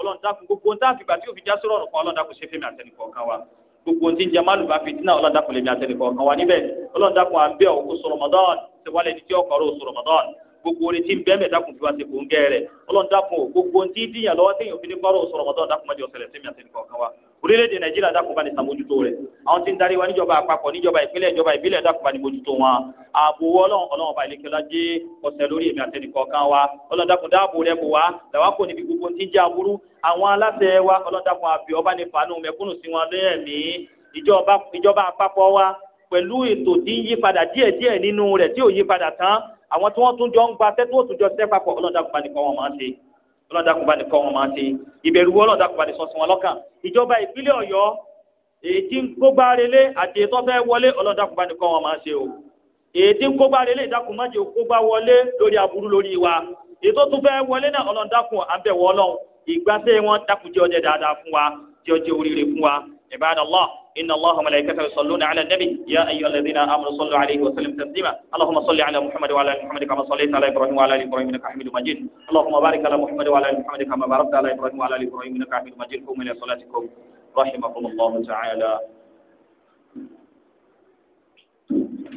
S1: ọlọ́run dákun gbogbo ohun tá a fi gbà tí òfin já sọ̀rọ̀ ọ̀rùn kan ọlọ́run dákun ṣe fẹ́mi àtẹnìkọ̀ kan wa gbogbo ohun tí ń jẹ málùbá fìtínà ọlọ́run dákun lèmi àtẹnìkọ̀ kan wa níbẹ̀ ọlọ́run dákun àbẹ́ oṣù Ramadan ṣe wálé ní tí ọkọ̀ rẹ̀ oṣù Ramadan gbogbo orin tí ń bẹ́ẹ̀ mẹ́ dákun fi wá sí kò ń gẹ́ rẹ̀ ọlọ́run dákun gbogbo ohun tí díyàn lọ́wọ́ téèyàn fi ní kọ́rọ̀ oṣù Ramadan dákun mọ́jọ orílẹ̀-èdè nàìjíríà dákun bá ní sàmójútó rẹ̀ àwọn tí ń darí wa níjọba àpapọ̀ níjọba ìpínlẹ̀ ìjọba ìbílẹ̀ dákun bá ní mójútó wọn ààbò ọlọ́run ọlọ́run ọba ìlẹ́kẹ̀lá jẹ́ ọ̀sẹ̀ lórí èmi àtẹnìkọ̀ọ̀kan wa ọlọ́run dákun dáàbò rẹ̀ bò wá làwa kò níbi gbogbo tí ń jẹ́ aburú àwọn aláṣẹ wa ọlọ́run dákun àbí ọba ní fàánù mẹ̀kúnnù sí wọn lẹ́ẹ̀mí ìjọba àpapọ̀ wa pẹ̀lú ètò tí ń yípadà díẹ̀díẹ̀ nínú rẹ̀ tí ò yípadà tán àwọn tí wọ́n tún jọ ń gbaṣẹ́ tó tún jọ ṣẹ́ papọ̀ ọlọ́run dákun bá ní kọ́ wọn máa ṣe ọlọ́dàkùnbá ni kọ́ wọn máa ṣe ìbẹ̀rù wo ọlọ́dàkùnbá ni sọ́sùn wọn lọ́kàn ìjọba ìpínlẹ̀ ọ̀yọ́ èyí tí ń kógbá relé àti ètò ọ̀fẹ́ wọlé ọlọ́dàkùnbá ni kọ́ wọn máa ṣe o èyí tí ń kógbá relé ìdákùn má jẹ́ kógbá wọlé lórí aburú lórí wa ètò tó fẹ́ wọlé náà ọlọ́dàkùn àbẹ̀wọ̀ ọlọ́run ìgbàsẹ̀ wọn dákùjẹ́ ọjẹ́ dáadáa fún wa tí ọjẹ́ oríire fún wa ìbáraẹ̀lá إن الله ملائكته يصلون على النبي يا أيها الذين آمنوا صلوا عليه وسلم تسليما اللهم صل على محمد وعلى آل محمد كما صليت على إبراهيم وعلى آل إبراهيم إنك حميد مجيد اللهم بارك على محمد وعلى آل محمد كما باركت على إبراهيم وعلى آل إبراهيم إنك حميد مجيد قوموا إلى صلاتكم رحمكم الله تعالى